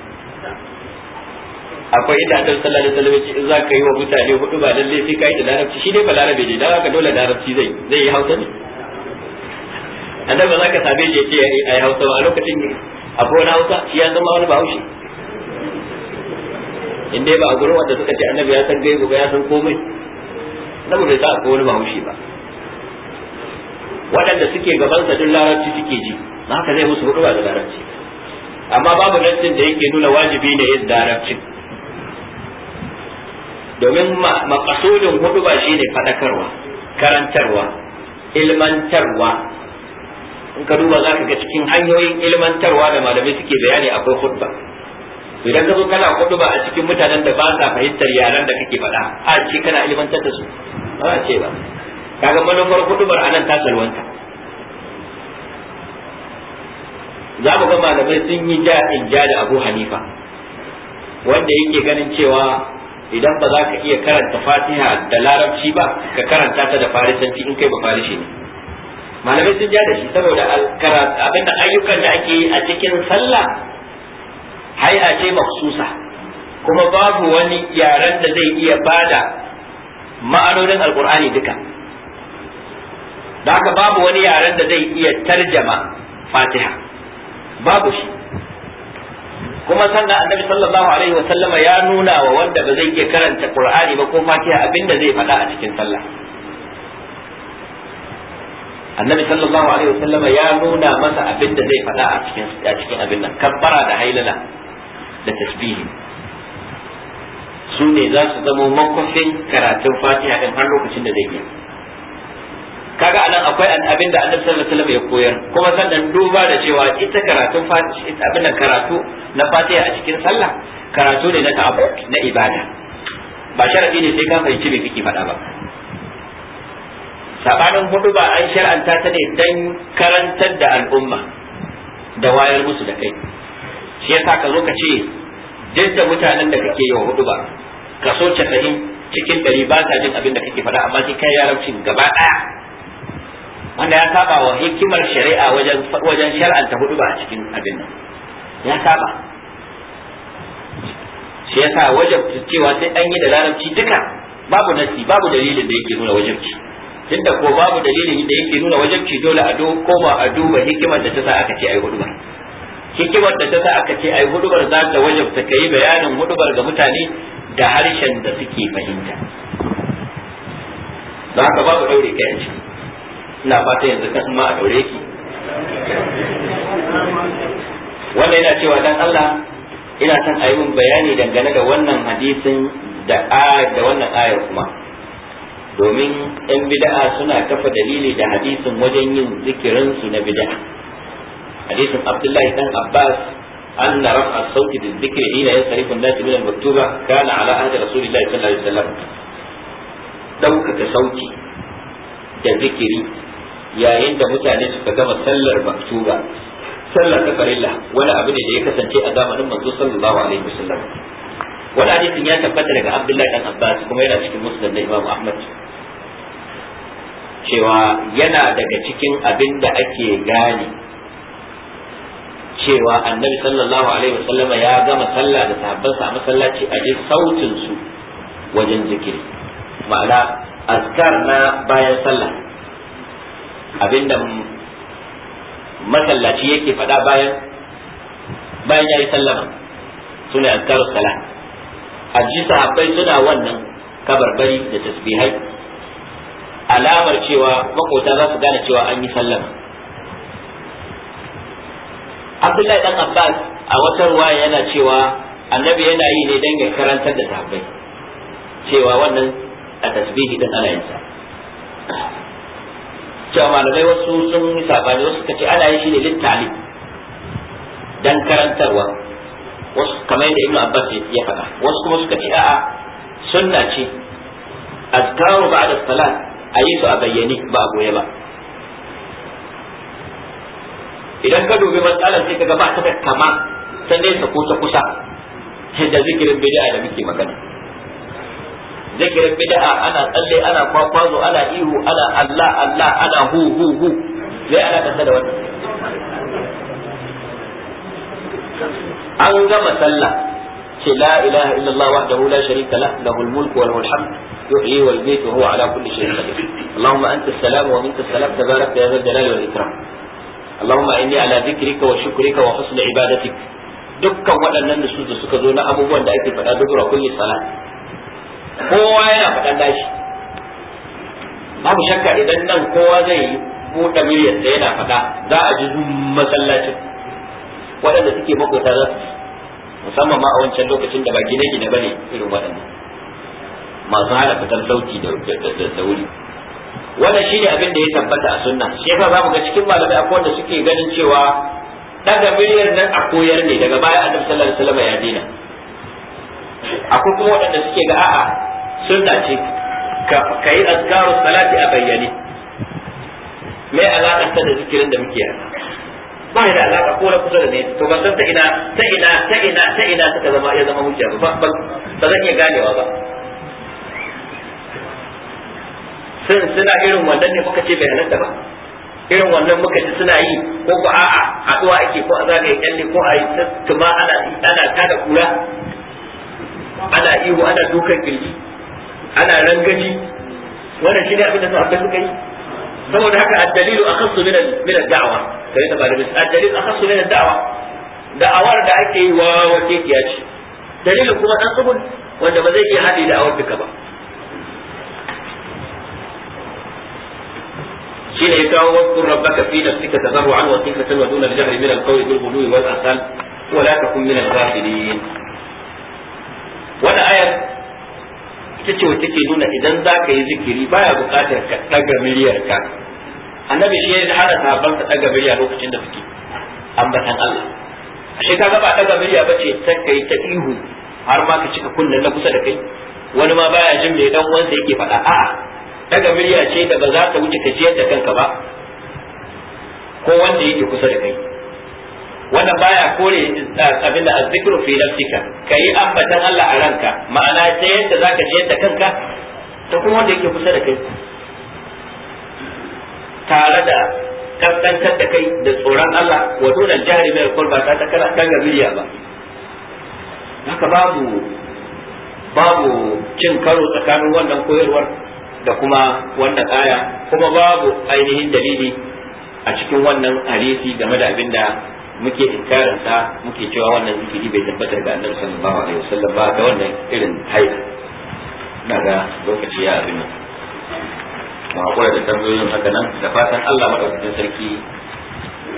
akwai inda annabi sallallahu alaihi wasallam yace in za ka yi wa mutane hudu ba lalle sai ka yi da larabci shi dai ba larabe ne dan haka dole larabci zai zai yi hausa ne annabi za ka same shi yace ai hausa a lokacin ne, akwai wani hausa shi ya zama wani bahaushe in dai ba a gurin wanda suka ce annabi ya san gai gobe, ya san komai annabi bai sa ko wani bahaushe ba waɗanda suke gabansa duk larabci suke ji haka zai musu hudu ba da larabci amma babu nassin da yake nuna wajibi ne yin larabcin domin makasudin hudu ba ne fadakarwa karantarwa ilmantarwa in ka duba za ka ga cikin hanyoyin ilmantarwa da malamai suke bayani akwai hudba idan ka zo kana hudba a cikin mutanen da ba sa fahimtar yaran da kake faɗa a ce kana ilmantar da su ba a ce ba kaga manufar hudubar anan ta salwanta za mu ga malamai sun yi ja in ja da abu hanifa wanda yake ganin cewa idan ba za ka iya karanta fatiha da larabci ba ka karanta ta da farisanci in kai ba farishi ne malamai sun ja da shi saboda abinda ayyukan da ake yi a cikin sallah a ce maksusa kuma babu wani yaren da zai iya bada ma'anonin alkur'ani duka da haka babu wani yaren da zai iya tarjama fatiha babu shi kuma sannan annabi sallallahu alaihi wa sallama ya nuna wa wanda ba zai iya karanta qur'ani ba ko fatiha abinda zai faɗa a cikin sallah annabi sallallahu alaihi wa sallama ya nuna masa abinda zai faɗa a cikin a cikin abin nan kabbara da hailala da tasbihi su ne za su zama makwafin karatun fatiha din har lokacin da zai yi kaga anan akwai an abin da annabi sallallahu alaihi wasallam ya koyar kuma sannan duba da cewa ita karatu fatiha abin da karatu na fatiha a cikin sallah karatu ne na ta'abbud na ibada ba sharadi ne sai ka fahimci me kike faɗa ba sabanin hudu ba an shar'anta ta ne dan karantar da al'umma da wayar musu da kai shi yasa ka zo ka ce duk mutanen da kake yawa hudu ba kaso 90 cikin 100 ba sa jin abin da kake faɗa amma sai kai yarabcin gaba ɗaya wanda ya saba wa hikimar shari'a wajen wajen shar'anta hudu ba a cikin abin nan ya saba shi yasa wajen cewa sai an yi da larabci duka babu nasi babu dalilin da yake nuna tun da ko babu dalilin da yake nuna wajabci dole a ko ba a duba hikimar da ta sa aka ce ai hudu ba hikimar da ta sa aka ce ai bar za ta wajabta kai bayanin bar ga mutane da harshen da suke fahimta za ka babu daure kai a ciki ina fata yanzu kan ma a daure ki wanda yana cewa dan Allah ina son a yi min bayani dangane da wannan hadisin da da wannan ayar kuma domin yan bida'a suna kafa dalili da hadisin wajen yin zikirin su na bida'a. hadisin Abdullahi dan Abbas أن رفع الصوت بالذكر حين ينصرف الناس من المكتوبة كان على عهد رسول الله صلى الله عليه وسلم ɗaukaka sauti da zikiri yayin da mutane suka gama sallar maktuba sallar ta farilla wani abu ne da ya kasance a zamanin manzo sallallahu alaihi wasallam wani hadisin ya tabbata daga abdullahi dan abbas kuma yana cikin musnad da imamu ahmad cewa yana daga cikin abin da ake gane cewa annabi sallallahu alaihi wasallam ya gama sallah da sahabbansa a masallaci a ji sautin su wajen zikiri ma'ana azkar na bayan sallah abinda masallaci yake faɗa bayan bayan ya yi sallama sune azkar salat a ji sahabbai suna wannan kabarbari da tasbihai alamar cewa makota za su gane cewa an yi sallama abdullahi dan abbas a wata ruwa yana cewa annabi yana yi ne don ya karantar da sahabbai cewa wannan a tasbihi din ana yin sa cewa malamai wasu sun yi sabani wasu suka ce ana yin shi ne littali dan karantarwa wasu kamar yadda ibnu abbas ya faɗa wasu kuma suka ce a'a sunna ce azkaru ba'da salat a yi su a bayyane ba a goye ba idan ka dubi matsalar sai ka ga ba ta kama sai dai ta kusa kusa da zikirin bid'a da muke magana zikirin bid'a ana tsalle ana kwakwazo ana ihu ana Allah Allah ana hu hu hu zai ana kasa da wannan an gama sallah ce la ilaha illallah wahdahu la sharika la lahul mulku wa lahul hamd yuhyi wa yumiitu wa huwa ala kulli shay'in qadir allahumma anta as-salam wa minka as-salam tabarakta ya dhal jalali wal ikram اللهم إني على ذكرك وشكرك وحسن عبادتك dukkan waɗannan da su da suka zo na abubuwan da ake faɗa dubura kulli salat kowa yana faɗan nashi babu shakka idan nan kowa zai yi buɗe da yana faɗa za a ji masallacin waɗanda suke makota za su musamman ma a wancan lokacin da ba gine-gine ba ne irin waɗannan masu hana fitar sauti da wuri wannan shi ne abin da ya tabbata a sunna shi yasa za mu ga cikin malamai akwai wanda suke ganin cewa daga miliyan nan a koyar ne daga baya annabi sallallahu alaihi wasallam ya dina akwai kuma waɗanda suke ga a'a sun dace, ka yi azkaru salati a bayyane me alaka ta da zikirin da muke yi ba da alaƙa ko na kusa da ne to ban san ta ina ta ina ta ina ta ina ta zama ya zama hujja ba ba zan iya ganewa ba sun suna irin wannan ne muka ce bai halatta ba irin wannan muka ci suna yi ko ko a'a haɗuwa ake ko a zagaye kyalle ko a yi tuma ana ana kada kula ana ihu ana dukan kirji ana rangaji wannan shi ne abin da sahabbai suka yi saboda haka addalilu akhassu min min ad-da'wa kai da malami addalilu akhassu min ad-da'wa da'awar da ake yi wa wace kiya ce dalilin kuma dan tsubun wanda ba zai iya haɗe awar duka ba شين يكاو واذكر ربك في نفسك تضرعا وخيفة ودون الجهر من القول بالغلو والآثام ولا تكن من الغافلين wani ayar ita ce wacce ke nuna idan za ka yi zikiri baya bukatar ka ɗaga miliyar ka annabi shi ya hana sahabban ka ɗaga miliya lokacin da suke ambatan Allah A ka ga ba ɗaga miliya ba ce ta kai ta ihu har ma ka cika kunnen na kusa da kai wani ma baya jin mai dan uwansa yake faɗa a ɗaga miliya ce da ba za ta wuce ka jiyar da kanka ba ko wanda yake kusa da kai wannan baya kore abin da azzikru fi nafsika kai ambatan Allah a ranka ma'ana ta yadda zaka je yadda kanka ta kuma wanda yake kusa da kai tare da kaskantar da kai da tsoron Allah wa dole jahri mai kulba ta kana kan gabiya ba haka babu babu cin karo tsakanin wannan koyarwar da kuma wannan aya kuma babu ainihin dalili a cikin wannan hadisi game da abin da muke inkarin sa muke cewa wannan zikiri bai tabbata ga annabi sallallahu alaihi wasallam ba da wannan irin haila ina ga lokaci ya abin nan ma hakura da tambayoyin haka nan da fatan Allah madaukakin sarki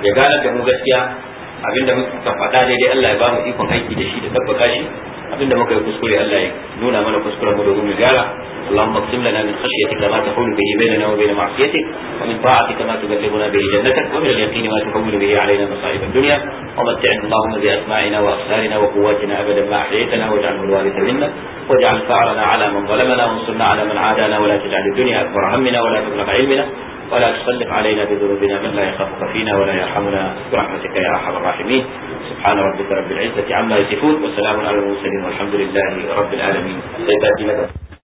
ya gane da mu gaskiya abinda muka faɗa daidai Allah ya ba mu ikon aiki da shi da tabbata shi abinda muka yi kuskure Allah ya nuna mana kuskuren mu domin mu gyara Allahumma qsim lana min khashyatika ma tahulu bihi bainana wa bain ma'siyatik wa min ta'atika ma tuballighuna bihi jannatak wa min al-yaqini ma tuhawwilu bihi علينا مصائب الدنيا ومتعنا اللهم بأسماعنا وأبصارنا وقواتنا أبدا ما أحييتنا واجعله الوارث منا واجعل ثارنا على من ظلمنا وانصرنا على من عادانا ولا تجعل الدنيا أكبر همنا ولا تبلغ علمنا ولا تسلط علينا بذنوبنا من لا يخافك فينا ولا يرحمنا برحمتك يا ارحم الراحمين سبحان ربك رب العزه عما يصفون وسلام على المرسلين والحمد لله رب العالمين